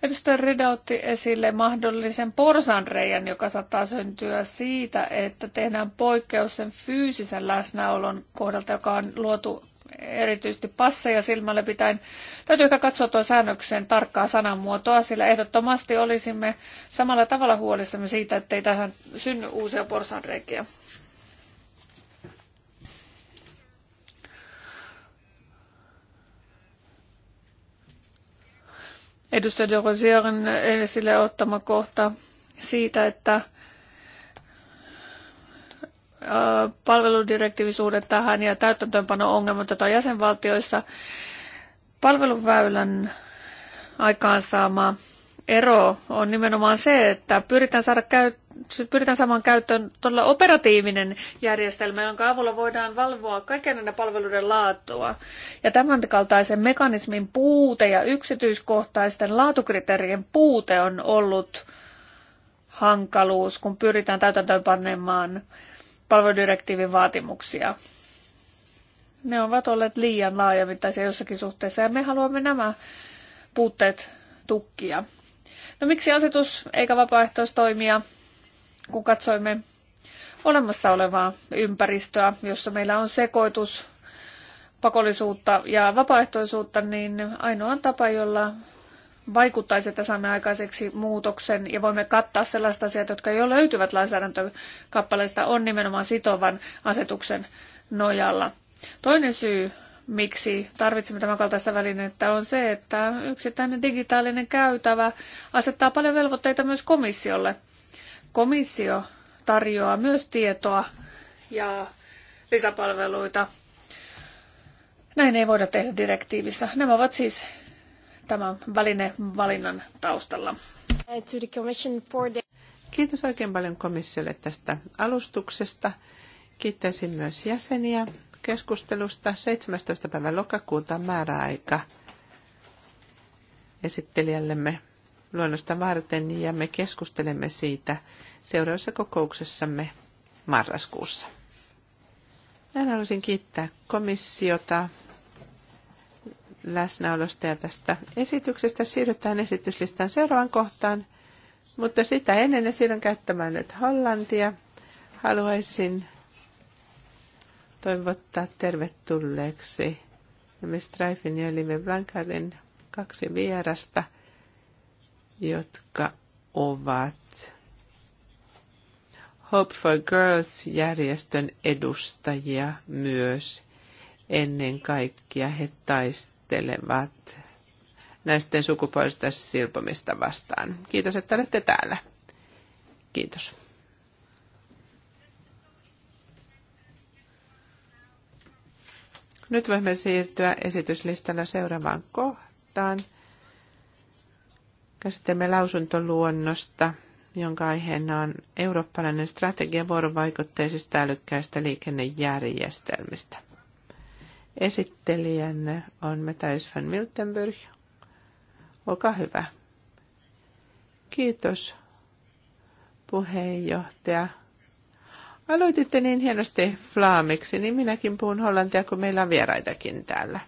Edustaja Rida otti esille mahdollisen porsanreijän, joka saattaa syntyä siitä, että tehdään poikkeus sen fyysisen läsnäolon kohdalta, joka on luotu erityisesti passeja silmälle pitäen. Täytyy ehkä katsoa tuon säännöksen tarkkaa sanamuotoa, sillä ehdottomasti olisimme samalla tavalla huolissamme siitä, ettei tähän synny uusia porsanreikiä. edustaja de Rosierin esille ottama kohta siitä, että palveludirektiivisuuden tähän ja täytäntöönpano-ongelmat, joita on jäsenvaltioissa. Palveluväylän aikaansaama ero on nimenomaan se, että pyritään saada pyritään saamaan käyttöön todella operatiivinen järjestelmä, jonka avulla voidaan valvoa kaiken näiden palveluiden laatua. Ja tämän kaltaisen mekanismin puute ja yksityiskohtaisten laatukriteerien puute on ollut hankaluus, kun pyritään täytäntöönpanemaan palveludirektiivin vaatimuksia. Ne ovat olleet liian laajamittaisia jossakin suhteessa ja me haluamme nämä puutteet tukkia. No miksi asetus eikä vapaaehtoistoimia? kun katsoimme olemassa olevaa ympäristöä, jossa meillä on sekoitus pakollisuutta ja vapaaehtoisuutta, niin ainoa tapa, jolla vaikuttaisi, että saamme aikaiseksi muutoksen ja voimme kattaa sellaiset asiat, jotka jo löytyvät lainsäädäntökappaleista, on nimenomaan sitovan asetuksen nojalla. Toinen syy, miksi tarvitsemme tämän kaltaista välinettä, on se, että yksittäinen digitaalinen käytävä asettaa paljon velvoitteita myös komissiolle – Komissio tarjoaa myös tietoa ja lisäpalveluita. Näin ei voida tehdä direktiivissä. Nämä ovat siis tämän välinevalinnan taustalla. Kiitos oikein paljon komissiolle tästä alustuksesta. Kiittäisin myös jäseniä keskustelusta. 17. päivä lokakuuta määräaika esittelijällemme luonnosta varten ja me keskustelemme siitä seuraavassa kokouksessamme marraskuussa. Näin haluaisin kiittää komissiota läsnäolosta ja tästä esityksestä. Siirrytään esityslistan seuraavaan kohtaan, mutta sitä ennen ja siirryn käyttämään nyt Hollantia. Haluaisin toivottaa tervetulleeksi Miss Streifin ja Limen Blankarin kaksi vierasta – jotka ovat Hope for Girls-järjestön edustajia myös. Ennen kaikkea he taistelevat näisten sukupuolista silpomista vastaan. Kiitos, että olette täällä. Kiitos. Nyt voimme siirtyä esityslistalla seuraavaan kohtaan. Käsittelemme lausuntoluonnosta, jonka aiheena on eurooppalainen strategia vuorovaikutteisista älykkäistä liikennejärjestelmistä. Esittelijänne on Metais van Miltenburg. Olkaa hyvä. Kiitos, puheenjohtaja. Aloititte niin hienosti flaamiksi, niin minäkin puhun hollantia, kun meillä on vieraitakin täällä.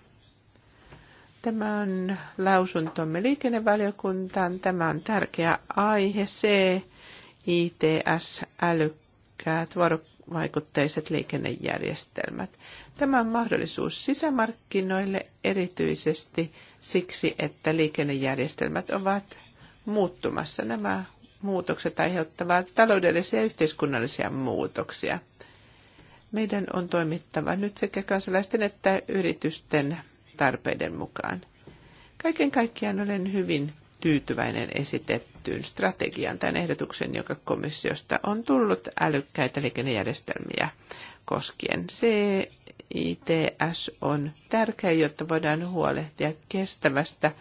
Tämän lausuntomme liikennevaliokuntaan. Tämä on tärkeä aihe, se ITS, älykkäät, vuorovaikutteiset liikennejärjestelmät. Tämä on mahdollisuus sisämarkkinoille erityisesti siksi, että liikennejärjestelmät ovat muuttumassa. Nämä muutokset aiheuttavat taloudellisia ja yhteiskunnallisia muutoksia. Meidän on toimittava nyt sekä kansalaisten että yritysten tarpeiden mukaan. Kaiken kaikkiaan olen hyvin tyytyväinen esitettyyn strategian tämän ehdotuksen, joka komissiosta on tullut älykkäitä liikennejärjestelmiä koskien. CITS on tärkeä, jotta voidaan huolehtia kestävästä,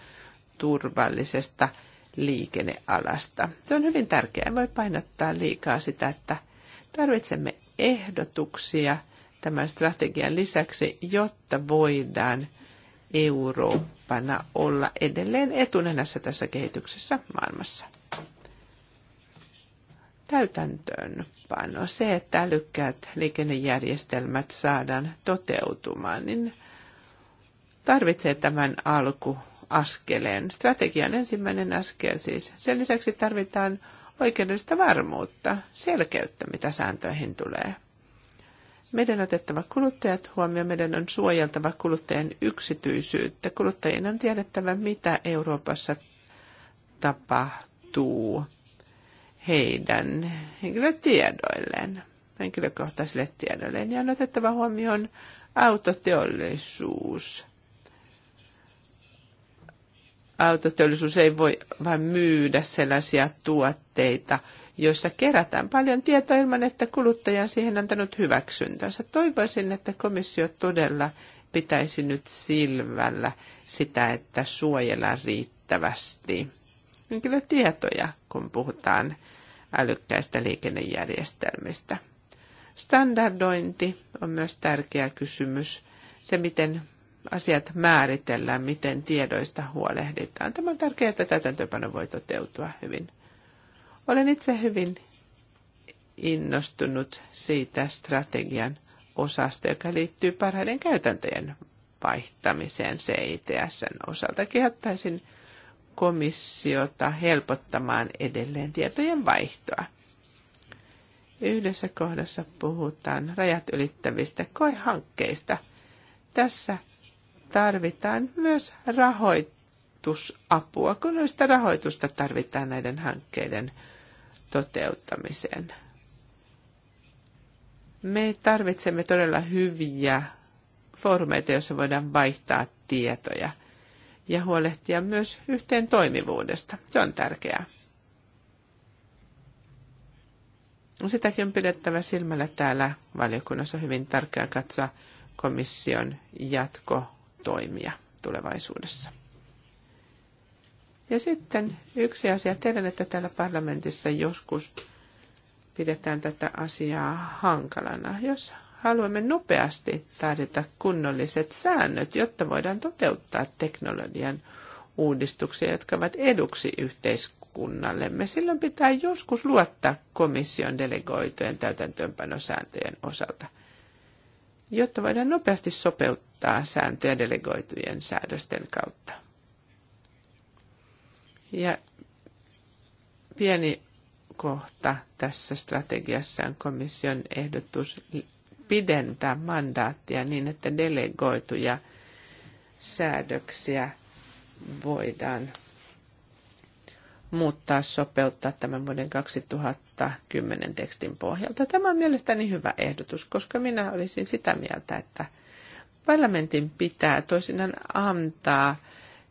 turvallisesta liikennealasta. Se on hyvin tärkeää. Voi painottaa liikaa sitä, että tarvitsemme ehdotuksia tämän strategian lisäksi, jotta voidaan Eurooppana olla edelleen etunenässä tässä kehityksessä maailmassa. Täytäntöönpano, se, että älykkäät liikennejärjestelmät saadaan toteutumaan, niin tarvitsee tämän alkuaskeleen. Strategian ensimmäinen askel siis. Sen lisäksi tarvitaan oikeudellista varmuutta, selkeyttä, mitä sääntöihin tulee. Meidän otettava kuluttajat huomioon, meidän on suojeltava kuluttajien yksityisyyttä. Kuluttajien on tiedettävä, mitä Euroopassa tapahtuu heidän henkilötiedoilleen, henkilökohtaisille tiedoilleen. Ja on otettava huomioon autoteollisuus. Autoteollisuus ei voi vain myydä sellaisia tuotteita, joissa kerätään paljon tietoa ilman, että kuluttaja on siihen antanut hyväksyntänsä. Toivoisin, että komissio todella pitäisi nyt silmällä sitä, että suojella riittävästi henkilötietoja, kun puhutaan älykkäistä liikennejärjestelmistä. Standardointi on myös tärkeä kysymys. Se, miten asiat määritellään, miten tiedoista huolehditaan. Tämä on tärkeää, että täytäntöpano voi toteutua hyvin. Olen itse hyvin innostunut siitä strategian osasta, joka liittyy parhaiden käytäntöjen vaihtamiseen CITSn osalta. Kehottaisin komissiota helpottamaan edelleen tietojen vaihtoa. Yhdessä kohdassa puhutaan rajat ylittävistä koehankkeista. Tässä tarvitaan myös rahoitusapua, kun sitä rahoitusta tarvitaan näiden hankkeiden toteuttamiseen. Me tarvitsemme todella hyviä foorumeita, joissa voidaan vaihtaa tietoja ja huolehtia myös yhteen toimivuudesta. Se on tärkeää. Sitäkin on pidettävä silmällä täällä valiokunnassa hyvin tärkeää katsoa komission jatkotoimia tulevaisuudessa. Ja sitten yksi asia. Tiedän, että täällä parlamentissa joskus pidetään tätä asiaa hankalana. Jos haluamme nopeasti tarjota kunnolliset säännöt, jotta voidaan toteuttaa teknologian uudistuksia, jotka ovat eduksi yhteiskunnallemme. Silloin pitää joskus luottaa komission delegoitujen täytäntöönpanosääntöjen osalta, jotta voidaan nopeasti sopeuttaa sääntöjä delegoitujen säädösten kautta. Ja pieni kohta tässä strategiassa on komission ehdotus pidentää mandaattia niin, että delegoituja säädöksiä voidaan muuttaa, sopeuttaa tämän vuoden 2010 tekstin pohjalta. Tämä on mielestäni hyvä ehdotus, koska minä olisin sitä mieltä, että parlamentin pitää toisinaan antaa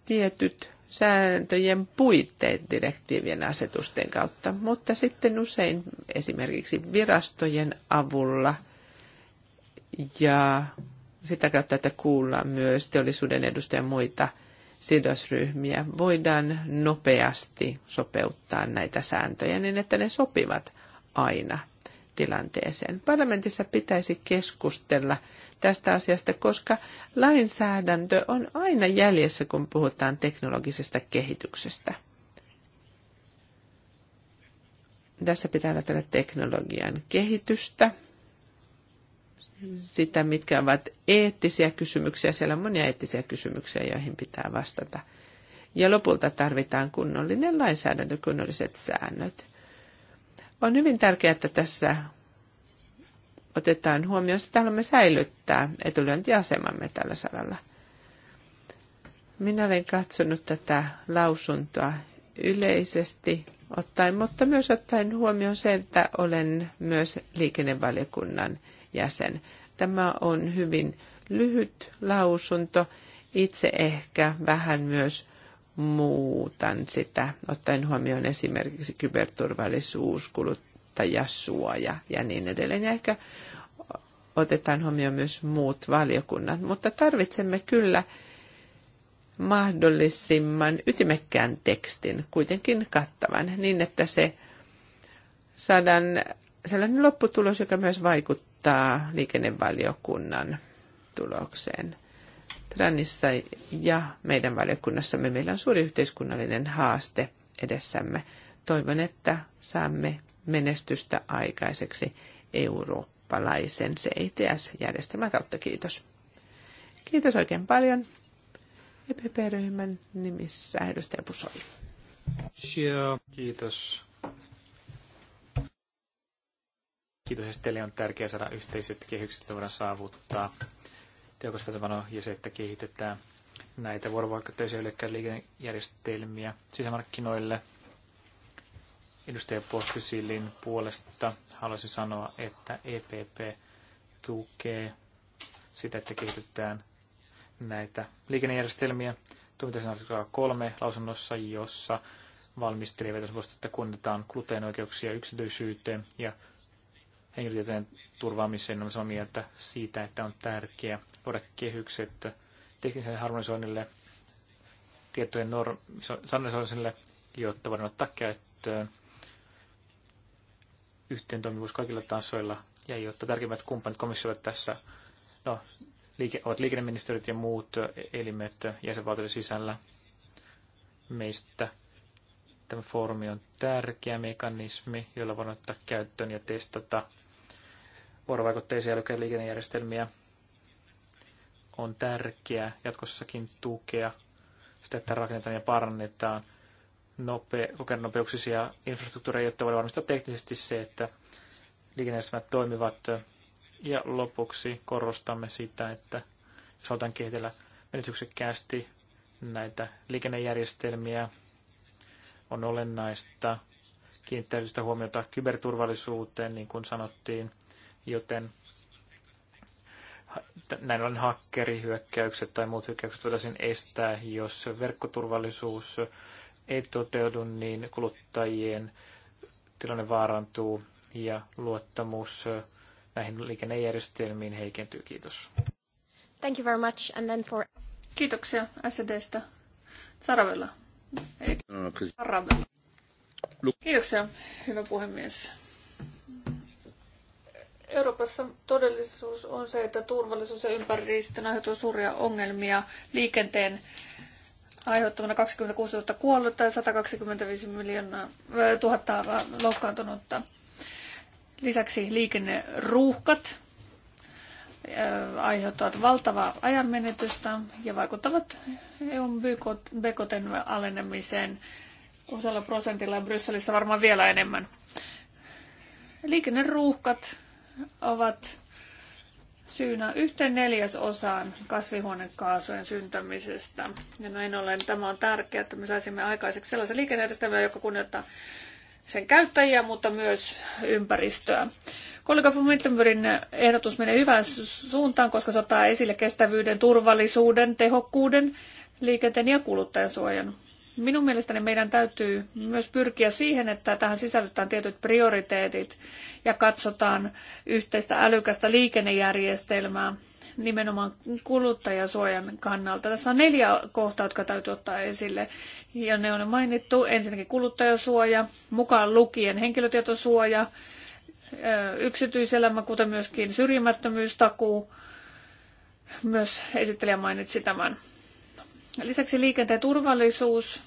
tietyt sääntöjen puitteet direktiivien asetusten kautta, mutta sitten usein esimerkiksi virastojen avulla ja sitä kautta, että kuullaan myös teollisuuden edustajan muita sidosryhmiä, voidaan nopeasti sopeuttaa näitä sääntöjä niin, että ne sopivat aina tilanteeseen. Parlamentissa pitäisi keskustella tästä asiasta, koska lainsäädäntö on aina jäljessä, kun puhutaan teknologisesta kehityksestä. Tässä pitää ajatella teknologian kehitystä, sitä, mitkä ovat eettisiä kysymyksiä. Siellä on monia eettisiä kysymyksiä, joihin pitää vastata. Ja lopulta tarvitaan kunnollinen lainsäädäntö, kunnolliset säännöt. On hyvin tärkeää, että tässä otetaan huomioon, että täällä me säilyttää etulyöntiasemamme tällä saralla. Minä olen katsonut tätä lausuntoa yleisesti ottaen, mutta myös ottaen huomioon se, että olen myös liikennevaliokunnan jäsen. Tämä on hyvin lyhyt lausunto. Itse ehkä vähän myös muutan sitä, ottaen huomioon esimerkiksi kyberturvallisuus, kuluttajasuoja ja niin edelleen. Ja ehkä otetaan huomioon myös muut valiokunnat, mutta tarvitsemme kyllä mahdollisimman ytimekkään tekstin, kuitenkin kattavan, niin että se saadaan sellainen lopputulos, joka myös vaikuttaa liikennevaliokunnan tulokseen. Trannissa ja meidän valiokunnassamme meillä on suuri yhteiskunnallinen haaste edessämme. Toivon, että saamme menestystä aikaiseksi eurooppalaisen CITS-järjestelmän kautta. Kiitos. Kiitos oikein paljon. EPP-ryhmän nimissä edustaja Pusoli. Kiitos. Kiitos esittelijä on tärkeää saada yhteiset kehykset, voidaan saavuttaa tehokasta tavanoa ja se, että kehitetään näitä vuorovaikutteisia yleikkäitä liikennejärjestelmiä sisämarkkinoille. Edustaja Postisillin puolesta haluaisin sanoa, että EPP tukee sitä, että kehitetään näitä liikennejärjestelmiä. Tuomitaisen artikla 3 lausunnossa, jossa valmistelija vetosi että kunnitetaan kuluttajan oikeuksia yksityisyyteen ja henkilötietojen turvaamiseen on samaa mieltä siitä, että on tärkeää luoda kehykset teknisen harmonisoinnille, tietojen norm- jotta voidaan ottaa käyttöön yhteentoimivuus kaikilla tasoilla, ja jotta tärkeimmät kumppanit komissiolle tässä no, liike, ovat liikenneministeriöt ja muut elimet jäsenvaltioiden sisällä meistä. Tämä foorumi on tärkeä mekanismi, jolla voidaan ottaa käyttöön ja testata vuorovaikutteisia älykäitä liikennejärjestelmiä. On tärkeää jatkossakin tukea sitä, että rakennetaan ja parannetaan nope, infrastruktuureja, jotta voidaan varmistaa teknisesti se, että liikennejärjestelmät toimivat. Ja lopuksi korostamme sitä, että jos halutaan kehitellä menetyksekkäästi näitä liikennejärjestelmiä, on olennaista kiinnittää huomiota kyberturvallisuuteen, niin kuin sanottiin, joten näin ollen hakkerihyökkäykset tai muut hyökkäykset voitaisiin estää, jos verkkoturvallisuus ei toteudu, niin kuluttajien tilanne vaarantuu ja luottamus näihin liikennejärjestelmiin heikentyy. Kiitos. Thank you very much. And then for... Kiitoksia SEDstä. Saravella. No, no, Saravella. Kiitoksia, hyvä puhemies. Euroopassa todellisuus on se, että turvallisuus ja ympäristön aiheutuu suuria ongelmia liikenteen aiheuttamana 26 000 kuollutta ja 125 miljoonaa, 000 loukkaantunutta. Lisäksi liikenneruuhkat aiheuttavat valtavaa ajanmenetystä ja vaikuttavat EUn bekoten alenemiseen osalla prosentilla ja Brysselissä varmaan vielä enemmän. Liikenneruuhkat ovat syynä yhteen neljäsosaan kasvihuonekaasujen syntymisestä. Ja näin ollen tämä on tärkeää, että me saisimme aikaiseksi sellaisen liikennejärjestelmän, joka kunnioittaa sen käyttäjiä, mutta myös ympäristöä. Kollega von Mittenbergin ehdotus menee hyvään suuntaan, koska se ottaa esille kestävyyden, turvallisuuden, tehokkuuden, liikenteen ja kuluttajansuojan. Minun mielestäni meidän täytyy myös pyrkiä siihen, että tähän sisällytetään tietyt prioriteetit ja katsotaan yhteistä älykästä liikennejärjestelmää nimenomaan kuluttajasuojan kannalta. Tässä on neljä kohtaa, jotka täytyy ottaa esille, ja ne on mainittu. Ensinnäkin kuluttajasuoja, mukaan lukien henkilötietosuoja, yksityiselämä, kuten myöskin syrjimättömyystakuu. Myös esittelijä mainitsi tämän. Lisäksi liikenteen turvallisuus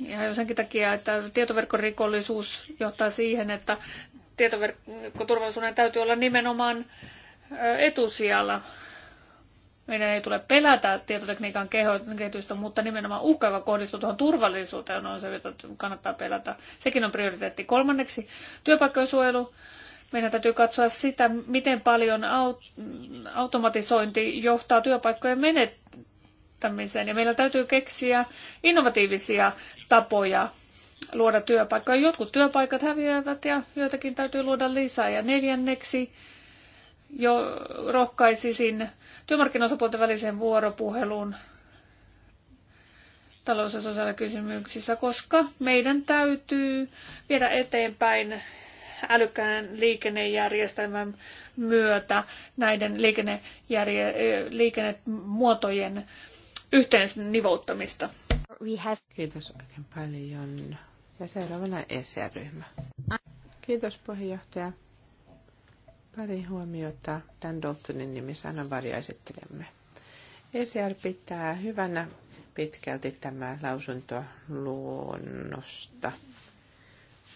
ja senkin takia, että tietoverkkorikollisuus johtaa siihen, että tietoverkkoturvallisuuden täytyy olla nimenomaan etusijalla. Meidän ei tule pelätä tietotekniikan kehitystä, mutta nimenomaan uhka, joka kohdistuu tuohon turvallisuuteen, on se, jota kannattaa pelätä. Sekin on prioriteetti. Kolmanneksi työpaikkojen suojelu. Meidän täytyy katsoa sitä, miten paljon automatisointi johtaa työpaikkojen menettämiseen kehittämiseen. Ja meillä täytyy keksiä innovatiivisia tapoja luoda työpaikkoja. Jotkut työpaikat häviävät ja joitakin täytyy luoda lisää. Ja neljänneksi jo rohkaisisin työmarkkinosapuolten väliseen vuoropuheluun talous- ja sosiaalikysymyksissä, koska meidän täytyy viedä eteenpäin älykkään liikennejärjestelmän myötä näiden liikennejärje- liikennemuotojen yhteen nivouttamista. Kiitos oikein paljon. Ja seuraavana ESR-ryhmä. Kiitos puheenjohtaja. Pari huomiota Dan Daltonin nimissä annan varjoesittelemme. ECR pitää hyvänä pitkälti tämä lausunto luonnosta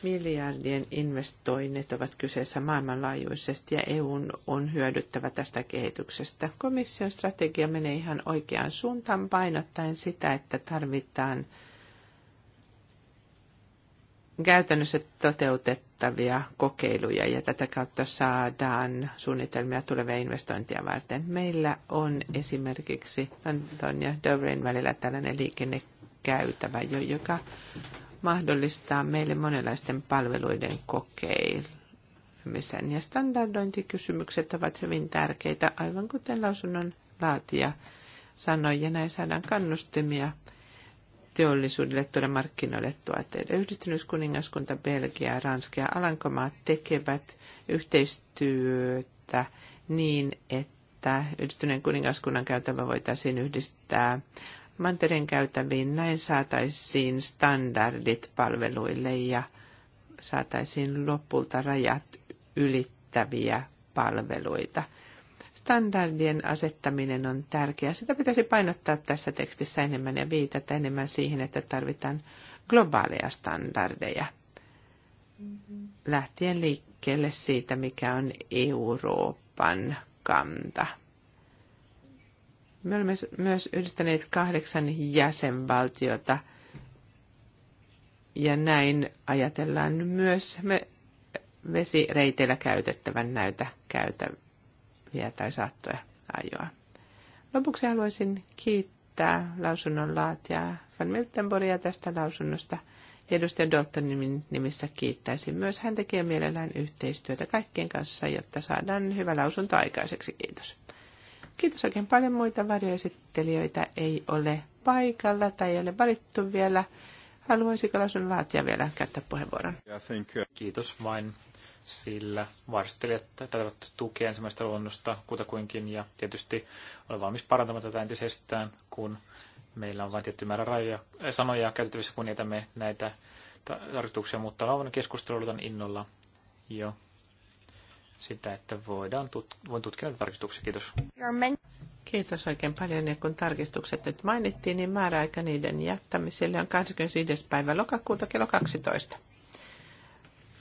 Miljardien investoinnit ovat kyseessä maailmanlaajuisesti ja EU on hyödyttävä tästä kehityksestä. Komission strategia menee ihan oikeaan suuntaan painottaen sitä, että tarvitaan käytännössä toteutettavia kokeiluja ja tätä kautta saadaan suunnitelmia tulevia investointia varten. Meillä on esimerkiksi Anton ja Dovrin välillä tällainen liikennekäytävä, joka mahdollistaa meille monenlaisten palveluiden kokeilemisen. Ja standardointikysymykset ovat hyvin tärkeitä, aivan kuten lausunnon laatija sanoi, ja näin saadaan kannustimia teollisuudelle tuoda markkinoille tuotteiden. Yhdistynyt kuningaskunta, Belgia, Ranska ja Alankomaat tekevät yhteistyötä niin, että yhdistyneen kuningaskunnan käytävä voitaisiin yhdistää mantereen käytäviin. Näin saataisiin standardit palveluille ja saataisiin lopulta rajat ylittäviä palveluita. Standardien asettaminen on tärkeää. Sitä pitäisi painottaa tässä tekstissä enemmän ja viitata enemmän siihen, että tarvitaan globaaleja standardeja. Lähtien liikkeelle siitä, mikä on Euroopan kanta me olemme myös yhdistäneet kahdeksan jäsenvaltiota ja näin ajatellaan myös me vesireiteillä käytettävän näitä käytäviä tai saattoja ajoa. Lopuksi haluaisin kiittää lausunnon laatijaa Van Miltenboria tästä lausunnosta. edustaja Daltonin nimissä kiittäisin myös. Hän tekee mielellään yhteistyötä kaikkien kanssa, jotta saadaan hyvä lausunto aikaiseksi. Kiitos. Kiitos oikein paljon. Muita varjoesittelijöitä ei ole paikalla tai ei ole valittu vielä. Haluaisiko lausun laatia vielä käyttää puheenvuoron? Uh, Kiitos vain sillä varsittelijat tarvitsevat tukea ensimmäistä luonnosta kutakuinkin ja tietysti olen valmis parantamaan tätä entisestään, kun meillä on vain tietty määrä rajoja, äh, sanoja käytettävissä, kun näitä tarkoituksia, mutta avoin keskustelu innolla jo sitä, että voidaan tut- voin tutkia näitä tarkistuksia. Kiitos. Kiitos oikein paljon. Ja kun tarkistukset nyt mainittiin, niin määräaika niiden jättämiselle on 25. päivä lokakuuta kello 12.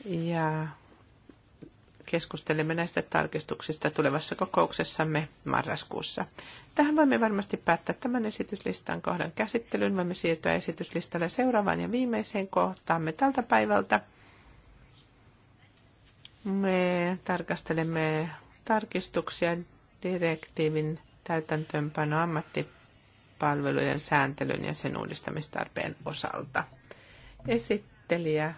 Ja keskustelemme näistä tarkistuksista tulevassa kokouksessamme marraskuussa. Tähän voimme varmasti päättää tämän esityslistan kohdan käsittelyn. Voimme siirtyä esityslistalle seuraavaan ja viimeiseen kohtaamme tältä päivältä. Me tarkastelemme tarkistuksia direktiivin täytäntöönpano ammattipalvelujen sääntelyn ja sen uudistamistarpeen osalta. Esittelijä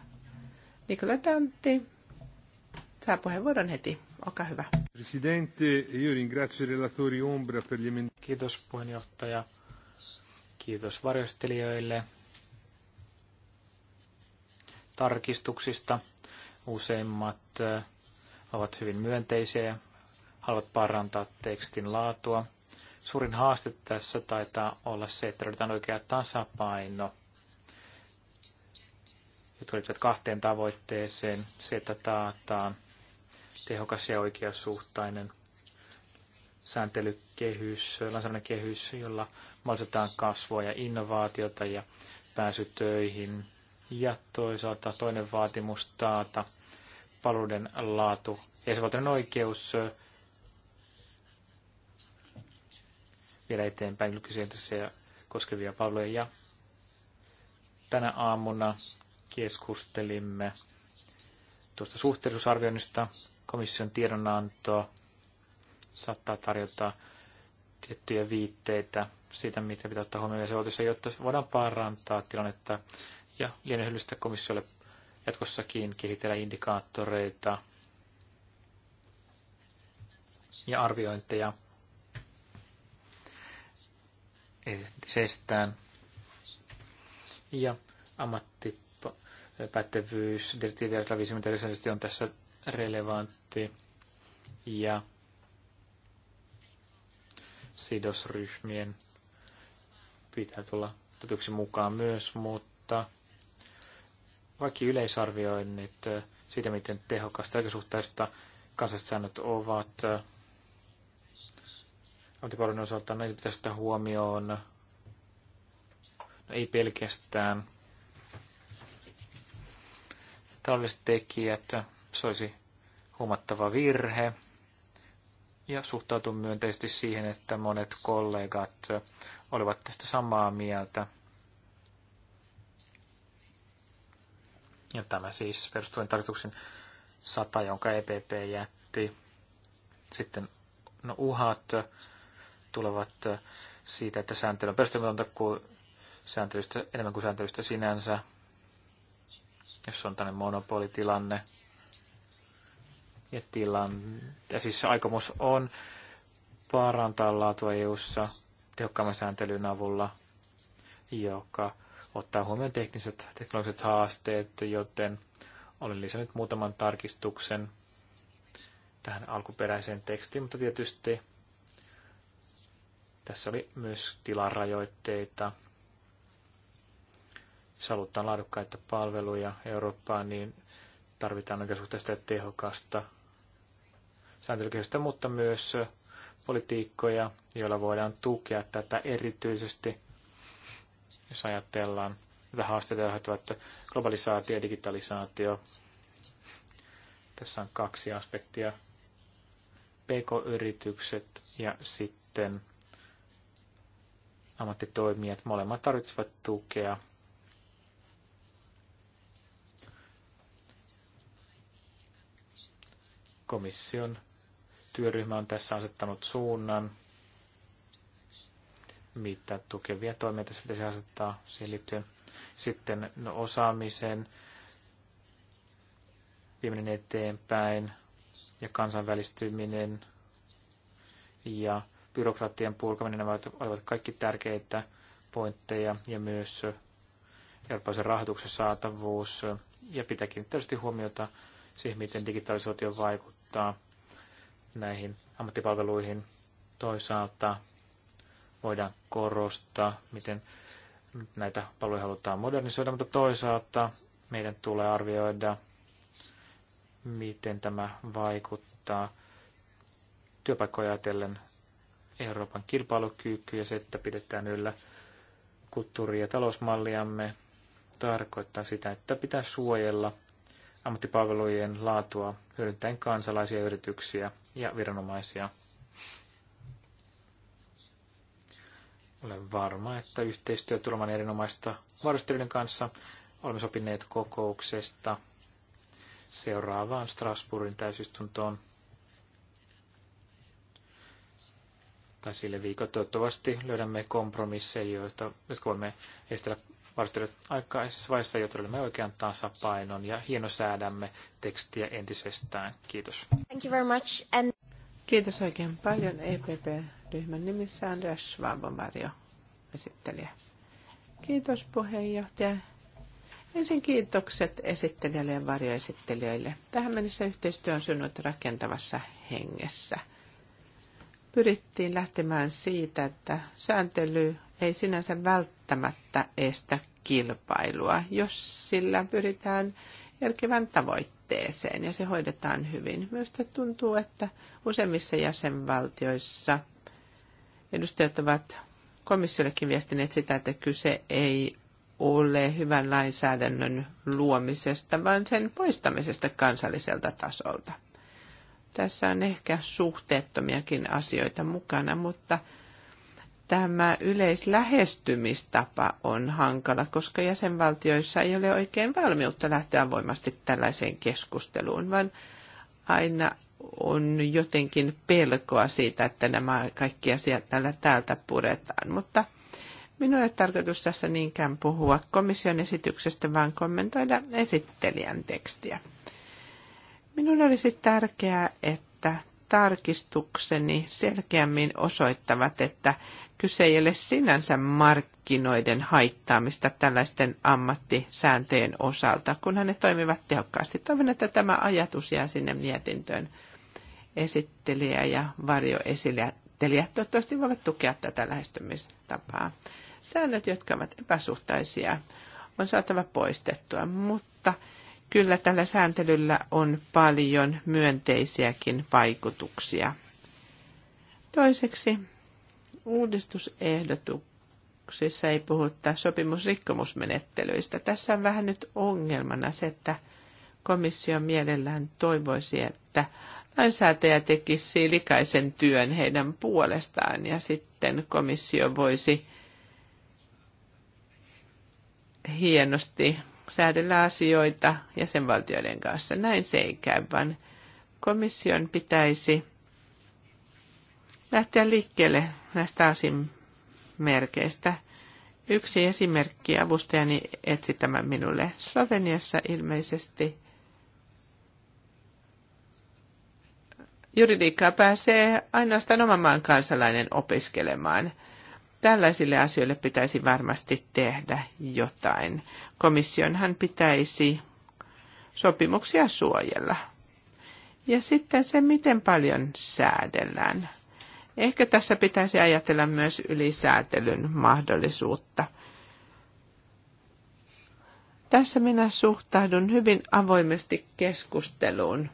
Nikola Dantti saa puheenvuoron heti. Olkaa hyvä. Presidente, relatori Kiitos puheenjohtaja. Kiitos varjostelijoille tarkistuksista. Useimmat ovat hyvin myönteisiä ja haluavat parantaa tekstin laatua. Suurin haaste tässä taitaa olla se, että löydetään oikea tasapaino, Ja tulivat kahteen tavoitteeseen. Se, että taataan tehokas ja oikeasuhtainen sääntelykehys, lainsäädännön kehys, jolla mahdollistetaan kasvua ja innovaatiota ja pääsy töihin, ja toisaalta toinen vaatimus taata paluuden laatu. Jäsenvaltion oikeus viedä eteenpäin julkisia intressejä koskevia palveluja. Ja tänä aamuna keskustelimme tuosta suhteellisuusarvioinnista. Komission tiedonanto saattaa tarjota tiettyjä viitteitä siitä, mitä pitää ottaa huomioon jäsenvaltiossa, jotta voidaan parantaa tilannetta ja lienee hyllystä komissiolle jatkossakin kehitellä indikaattoreita ja arviointeja entisestään. Ja ammattipätevyys, direktiivi 59 on tässä relevantti. Ja sidosryhmien pitää tulla otetuksi mukaan myös, mutta vaikka yleisarvioinnit siitä, miten tehokasta oikeasuhtaista kansalliset säännöt ovat antipalveluiden osalta, näitä pitäisi ottaa huomioon. No, ei pelkästään taloudelliset tekijät, se olisi huomattava virhe. Ja suhtautun myönteisesti siihen, että monet kollegat olivat tästä samaa mieltä. Ja tämä siis perustuen tarkoituksen 100, jonka EPP jätti. Sitten no, uhat tulevat siitä, että sääntely on perustelmatonta kuin sääntelystä, enemmän kuin sääntelystä sinänsä, jos on tämmöinen monopolitilanne. Ja, tilan, ja siis aikomus on parantaa laatua EU-ssa tehokkaamman sääntelyn avulla, joka ottaa huomioon tekniset, teknologiset haasteet, joten olen lisännyt muutaman tarkistuksen tähän alkuperäiseen tekstiin, mutta tietysti tässä oli myös tilarajoitteita. Jos halutaan laadukkaita palveluja Eurooppaan, niin tarvitaan oikeasuhteista ja tehokasta sääntelykehystä, mutta myös politiikkoja, joilla voidaan tukea tätä erityisesti jos ajatellaan tätä haasteita että globalisaatio ja digitalisaatio. Tässä on kaksi aspektia. PK-yritykset ja sitten ammattitoimijat. Molemmat tarvitsevat tukea. Komission työryhmä on tässä asettanut suunnan mitä tukevia toimia tässä pitäisi asettaa siihen liittyen. Sitten no, osaamisen viimeinen eteenpäin ja kansainvälistyminen ja byrokratian purkaminen, nämä olivat kaikki tärkeitä pointteja ja myös eurooppalaisen rahoituksen saatavuus ja pitääkin tietysti huomiota siihen, miten digitalisaatio vaikuttaa näihin ammattipalveluihin toisaalta voidaan korostaa, miten näitä palveluja halutaan modernisoida, mutta toisaalta meidän tulee arvioida, miten tämä vaikuttaa työpaikkoja ajatellen Euroopan kilpailukyky ja se, että pidetään yllä kulttuuri- ja talousmalliamme, tarkoittaa sitä, että pitää suojella ammattipalvelujen laatua hyödyntäen kansalaisia yrityksiä ja viranomaisia. Olen varma, että yhteistyö tulemaan erinomaista varustelijoiden kanssa. Olemme sopineet kokouksesta seuraavaan Strasbourgin täysistuntoon. Tai sille viikolla toivottavasti löydämme kompromisseja, joita, jotka voimme estellä varustelijat aikaisessa vaiheessa, jotta löydämme oikean tasapainon ja hienosäädämme tekstiä entisestään. Kiitos. Thank you very much. And... Kiitos oikein paljon EPP ryhmän nimissä Andreas Schwab on varjo esittelijä. Kiitos puheenjohtaja. Ensin kiitokset esittelijälle ja varjoesittelijöille. Tähän mennessä yhteistyö on synnyt rakentavassa hengessä. Pyrittiin lähtemään siitä, että sääntely ei sinänsä välttämättä estä kilpailua, jos sillä pyritään järkevän tavoitteeseen ja se hoidetaan hyvin. Myös tuntuu, että useimmissa jäsenvaltioissa – edustajat ovat komissiollekin viestineet sitä, että kyse ei ole hyvän lainsäädännön luomisesta, vaan sen poistamisesta kansalliselta tasolta. Tässä on ehkä suhteettomiakin asioita mukana, mutta tämä yleislähestymistapa on hankala, koska jäsenvaltioissa ei ole oikein valmiutta lähteä voimasti tällaiseen keskusteluun, vaan aina on jotenkin pelkoa siitä, että nämä kaikki asiat tällä täältä puretaan. Mutta minulle tarkoitus tässä niinkään puhua komission esityksestä, vaan kommentoida esittelijän tekstiä. Minun olisi tärkeää, että tarkistukseni selkeämmin osoittavat, että kyse ei ole sinänsä markkinoiden haittaamista tällaisten ammattisääntöjen osalta, kunhan ne toimivat tehokkaasti. Toivon, että tämä ajatus jää sinne mietintöön esittelijä ja varjoesittelijä toivottavasti voivat tukea tätä lähestymistapaa. Säännöt, jotka ovat epäsuhtaisia, on saatava poistettua, mutta kyllä tällä sääntelyllä on paljon myönteisiäkin vaikutuksia. Toiseksi uudistusehdotuksissa ei puhuta sopimusrikkomusmenettelyistä. Tässä on vähän nyt ongelmana se, että komissio mielellään toivoisi, että lainsäätäjä tekisi likaisen työn heidän puolestaan ja sitten komissio voisi hienosti säädellä asioita jäsenvaltioiden kanssa. Näin se ei käy, vaan komission pitäisi lähteä liikkeelle näistä asimerkeistä. Yksi esimerkki avustajani etsi tämän minulle Sloveniassa ilmeisesti – juridiikkaa pääsee ainoastaan oman maan kansalainen opiskelemaan. Tällaisille asioille pitäisi varmasti tehdä jotain. Komissionhan pitäisi sopimuksia suojella. Ja sitten se, miten paljon säädellään. Ehkä tässä pitäisi ajatella myös ylisäätelyn mahdollisuutta. Tässä minä suhtaudun hyvin avoimesti keskusteluun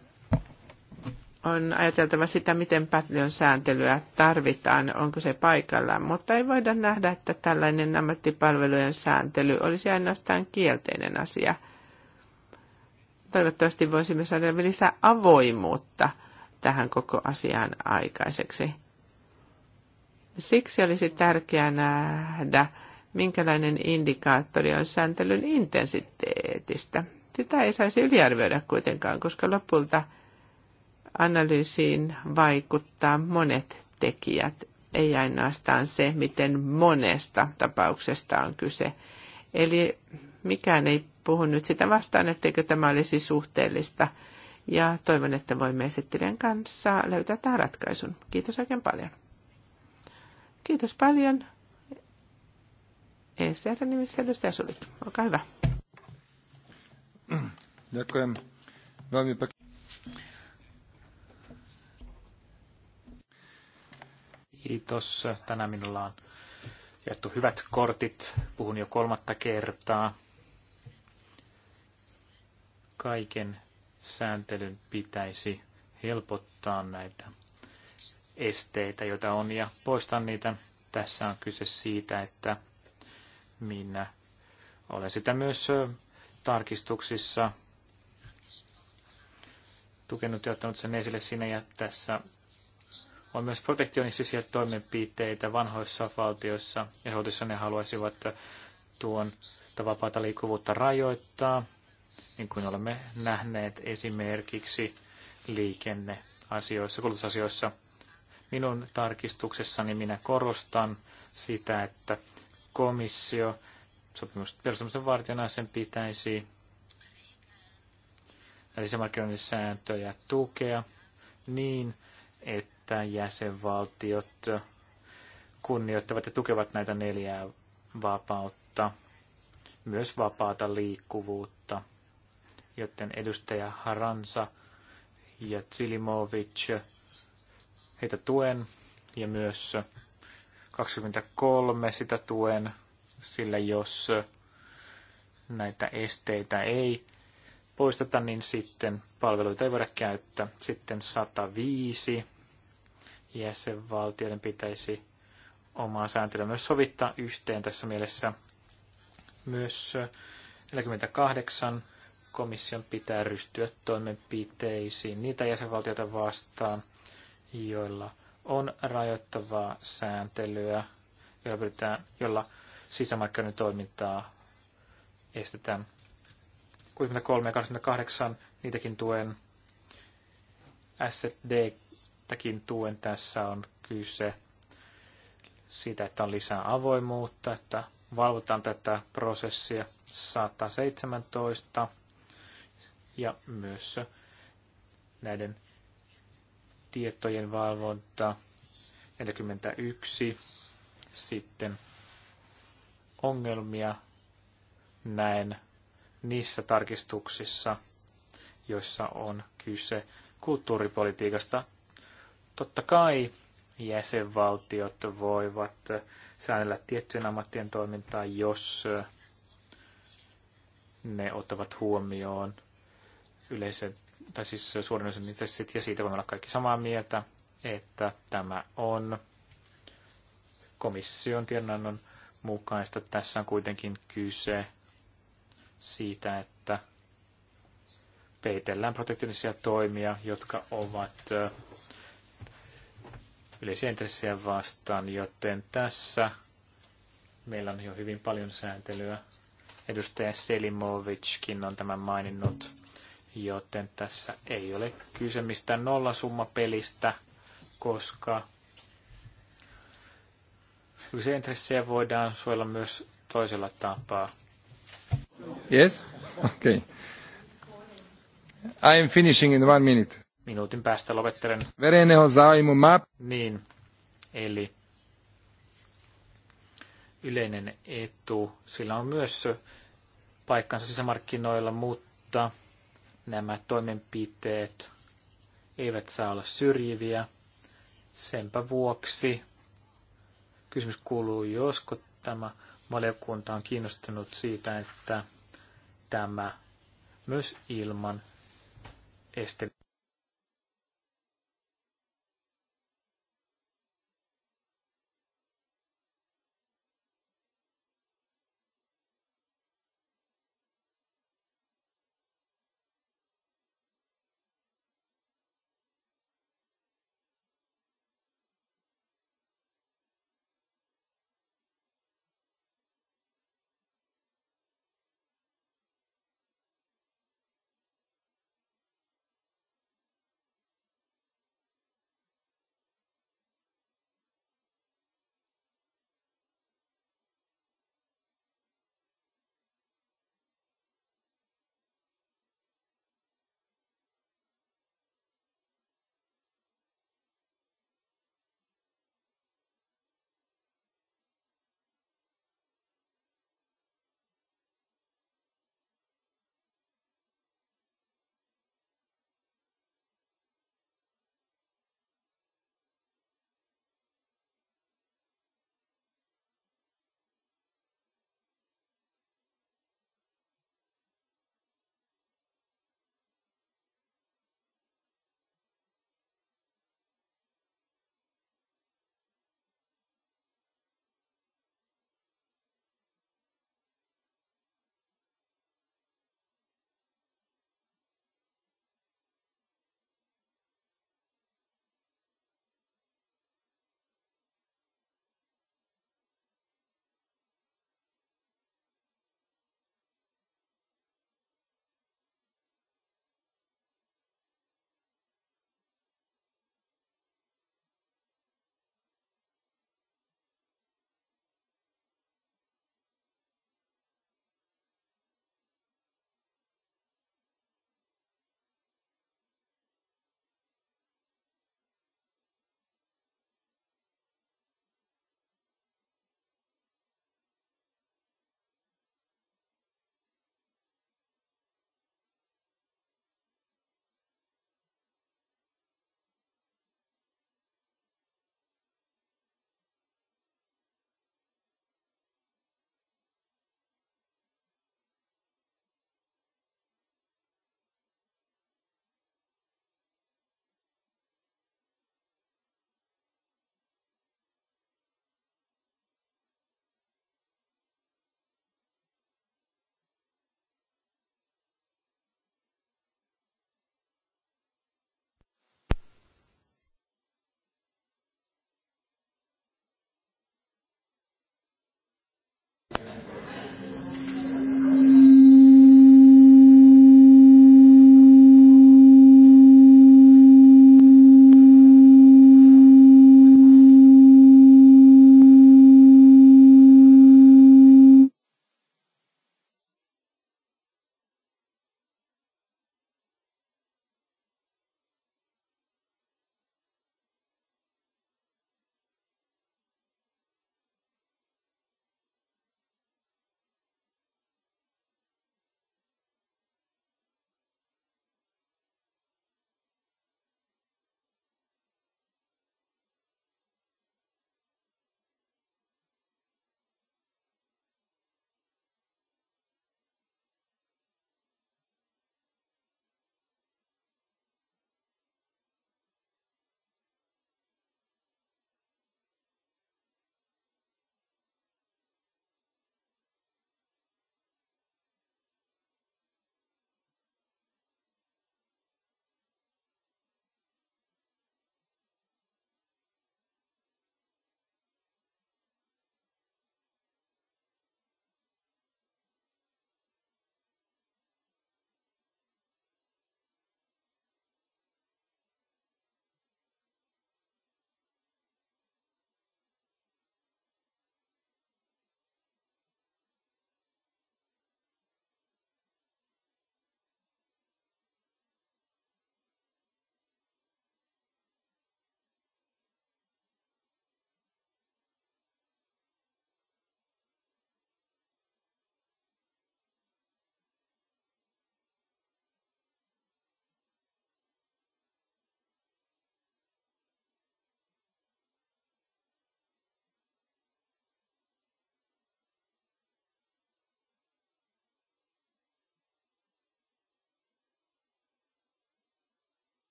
on ajateltava sitä, miten paljon sääntelyä tarvitaan, onko se paikallaan, mutta ei voida nähdä, että tällainen ammattipalvelujen sääntely olisi ainoastaan kielteinen asia. Toivottavasti voisimme saada lisää avoimuutta tähän koko asiaan aikaiseksi. Siksi olisi tärkeää nähdä, minkälainen indikaattori on sääntelyn intensiteetistä. Sitä ei saisi yliarvioida kuitenkaan, koska lopulta – analyysiin vaikuttaa monet tekijät, ei ainoastaan se, miten monesta tapauksesta on kyse. Eli mikään ei puhu nyt sitä vastaan, etteikö tämä olisi suhteellista. Ja toivon, että voimme esittelijän kanssa löytää tämän ratkaisun. Kiitos oikein paljon. Kiitos paljon. ECR nimissä edustaja Sulik. Olkaa hyvä. Kiitos. Tänään minulla on jaettu hyvät kortit. Puhun jo kolmatta kertaa. Kaiken sääntelyn pitäisi helpottaa näitä esteitä, joita on, ja poistaa niitä. Tässä on kyse siitä, että minä olen sitä myös tarkistuksissa tukenut ja ottanut sen esille sinne, ja tässä on myös protektionistisia toimenpiteitä vanhoissa valtioissa, ja ne haluaisivat tuon vapaata liikkuvuutta rajoittaa, niin kuin olemme nähneet esimerkiksi liikenneasioissa, kulutusasioissa. Minun tarkistuksessani minä korostan sitä, että komissio perustamisen vartijana sen pitäisi eli sääntöjä tukea niin, että että jäsenvaltiot kunnioittavat ja tukevat näitä neljää vapautta, myös vapaata liikkuvuutta, joten edustaja Haransa ja Tsilimovic, heitä tuen ja myös 23 sitä tuen, sillä jos näitä esteitä ei poisteta, niin sitten palveluita ei voida käyttää. Sitten 105 jäsenvaltioiden pitäisi omaa sääntelyä myös sovittaa yhteen tässä mielessä. Myös 48 komission pitää ryhtyä toimenpiteisiin niitä jäsenvaltioita vastaan, joilla on rajoittavaa sääntelyä, jolla, pyritään, jolla sisämarkkinoiden toimintaa estetään. 63 ja 28, niitäkin tuen. SD tätäkin tuen. Tässä on kyse siitä, että on lisää avoimuutta, että valvotaan tätä prosessia 117 ja myös näiden tietojen valvonta 41 sitten ongelmia näen niissä tarkistuksissa, joissa on kyse kulttuuripolitiikasta Totta kai jäsenvaltiot voivat säännellä tiettyjen ammattien toimintaa, jos ne ottavat huomioon yleisen, tai siis suorinnollisen intressit, ja siitä voimme olla kaikki samaa mieltä, että tämä on komission tiedonannon mukaista. Tässä on kuitenkin kyse siitä, että peitellään protektionisia toimia, jotka ovat yleisiä intressejä vastaan, joten tässä meillä on jo hyvin paljon sääntelyä. Edustaja Selimovickin on tämän maininnut, joten tässä ei ole kyse mistään nollasummapelistä, koska yleisiä intressejä voidaan suojella myös toisella tapaa. Yes? Okay. I am finishing in one minute. Minuutin päästä lopettelen. on zaimu map. Niin, eli yleinen etu. Sillä on myös paikkansa sisämarkkinoilla, mutta nämä toimenpiteet eivät saa olla syrjiviä. Senpä vuoksi kysymys kuuluu, josko tämä valiokunta on kiinnostunut siitä, että tämä myös ilman este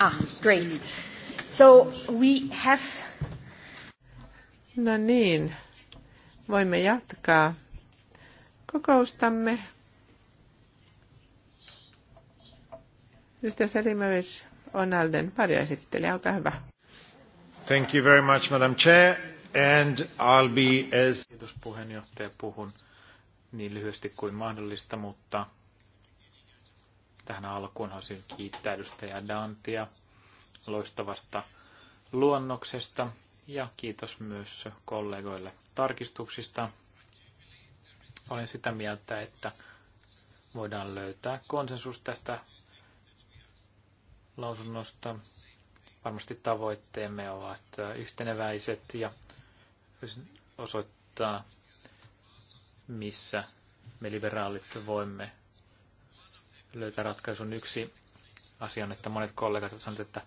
Ah, great. So we have... No niin, voimme jatkaa kokoustamme. Mr. Selimovic Onalden, varjoesittelijä, olkaa hyvä. Thank you very much, Madam Chair, and I'll be as... Kiitos puheenjohtaja, puhun niin lyhyesti kuin mahdollista, mutta alkuun haluaisin kiittää edustaja Dantia loistavasta luonnoksesta ja kiitos myös kollegoille tarkistuksista. Olen sitä mieltä, että voidaan löytää konsensus tästä lausunnosta. Varmasti tavoitteemme ovat yhteneväiset ja osoittaa, missä me liberaalit voimme löytää ratkaisun. Yksi asia on, että monet kollegat ovat sanoneet, että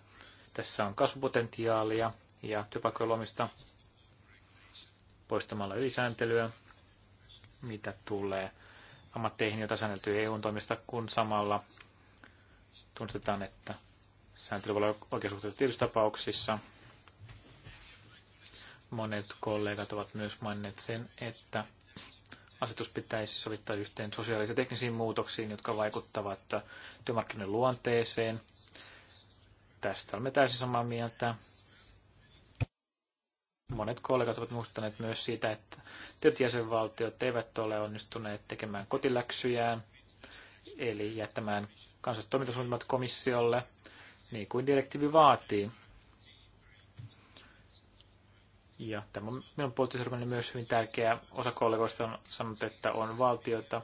tässä on kasvupotentiaalia ja työpaikkojen poistamalla ylisääntelyä, mitä tulee ammatteihin, joita säänneltyy EU-toimista, kun samalla tunnistetaan, että sääntely voi olla oikeasuhteessa tietyissä tapauksissa. Monet kollegat ovat myös maininneet sen, että asetus pitäisi sovittaa yhteen sosiaalisiin ja teknisiin muutoksiin, jotka vaikuttavat työmarkkinoiden luonteeseen. Tästä olemme täysin samaa mieltä. Monet kollegat ovat muistaneet myös siitä, että tietyt jäsenvaltiot eivät ole onnistuneet tekemään kotiläksyjään, eli jättämään kansalliset toimintasuunnitelmat komissiolle, niin kuin direktiivi vaatii. Ja tämä on minun puolustusryhmäni myös hyvin tärkeä. Osa kollegoista on sanonut, että on valtioita,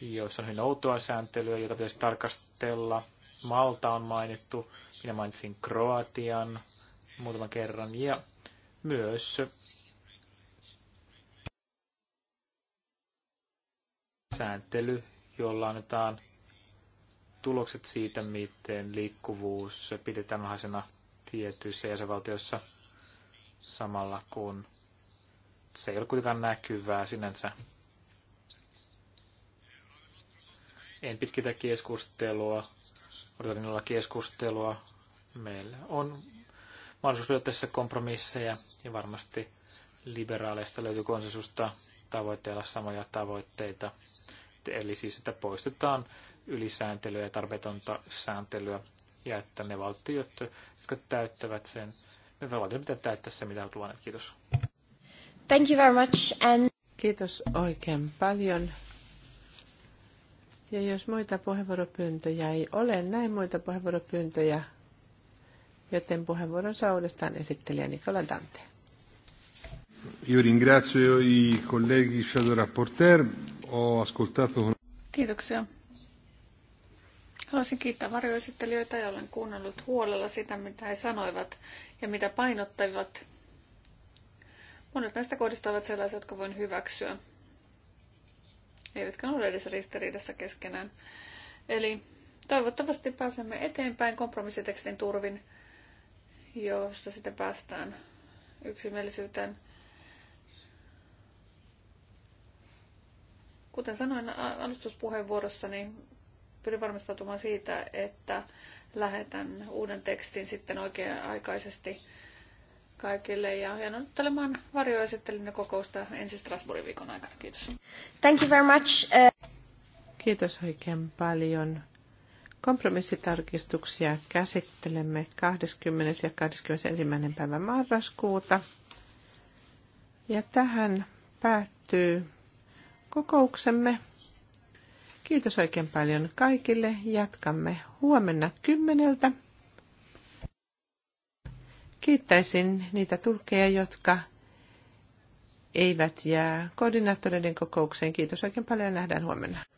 joissa on hyvin outoa sääntelyä, jota pitäisi tarkastella. Malta on mainittu, minä mainitsin Kroatian muutaman kerran ja myös sääntely, jolla annetaan tulokset siitä, miten liikkuvuus pidetään mahdollisena tietyissä jäsenvaltioissa – samalla kun se ei ole kuitenkaan näkyvää sinänsä. En pitkitä keskustelua, odotan olla keskustelua. Meillä on mahdollisuus löytää tässä kompromisseja ja varmasti liberaaleista löytyy konsensusta tavoitteilla samoja tavoitteita. Eli siis, että poistetaan ylisääntelyä ja tarpeetonta sääntelyä ja että ne valtiot, jotka täyttävät sen me velvoitteet pitää täyttää se, mitä olet luoneet. Kiitos. Thank you very much. And... Kiitos oikein paljon. Ja jos muita puheenvuoropyyntöjä ei ole, näin muita puheenvuoropyyntöjä, joten puheenvuoron saa uudestaan esittelijä Nikola Dante. Io ringrazio i colleghi shadow rapporteur. Ho ascoltato... Kiitoksia. Haluaisin kiittää varjoesittelijöitä ja olen kuunnellut huolella sitä, mitä he sanoivat ja mitä painottavat. Monet näistä kohdista ovat sellaisia, jotka voin hyväksyä, eivätkä ole edes ristiriidassa keskenään. Eli toivottavasti pääsemme eteenpäin kompromissitekstin turvin, josta sitten päästään yksimielisyyteen. Kuten sanoin alustuspuheenvuorossa, niin pyrin varmistautumaan siitä, että lähetän uuden tekstin sitten oikea-aikaisesti kaikille ja hienottelemaan varjoesittelyn kokousta ensi Strasbourgin viikon aikana. Kiitos. Thank you very much. Uh, Kiitos oikein paljon. Kompromissitarkistuksia käsittelemme 20. ja 21. päivä marraskuuta. Ja tähän päättyy kokouksemme. Kiitos oikein paljon kaikille. Jatkamme huomenna kymmeneltä. Kiittäisin niitä tulkkeja, jotka eivät jää koordinaattoreiden kokoukseen. Kiitos oikein paljon ja nähdään huomenna.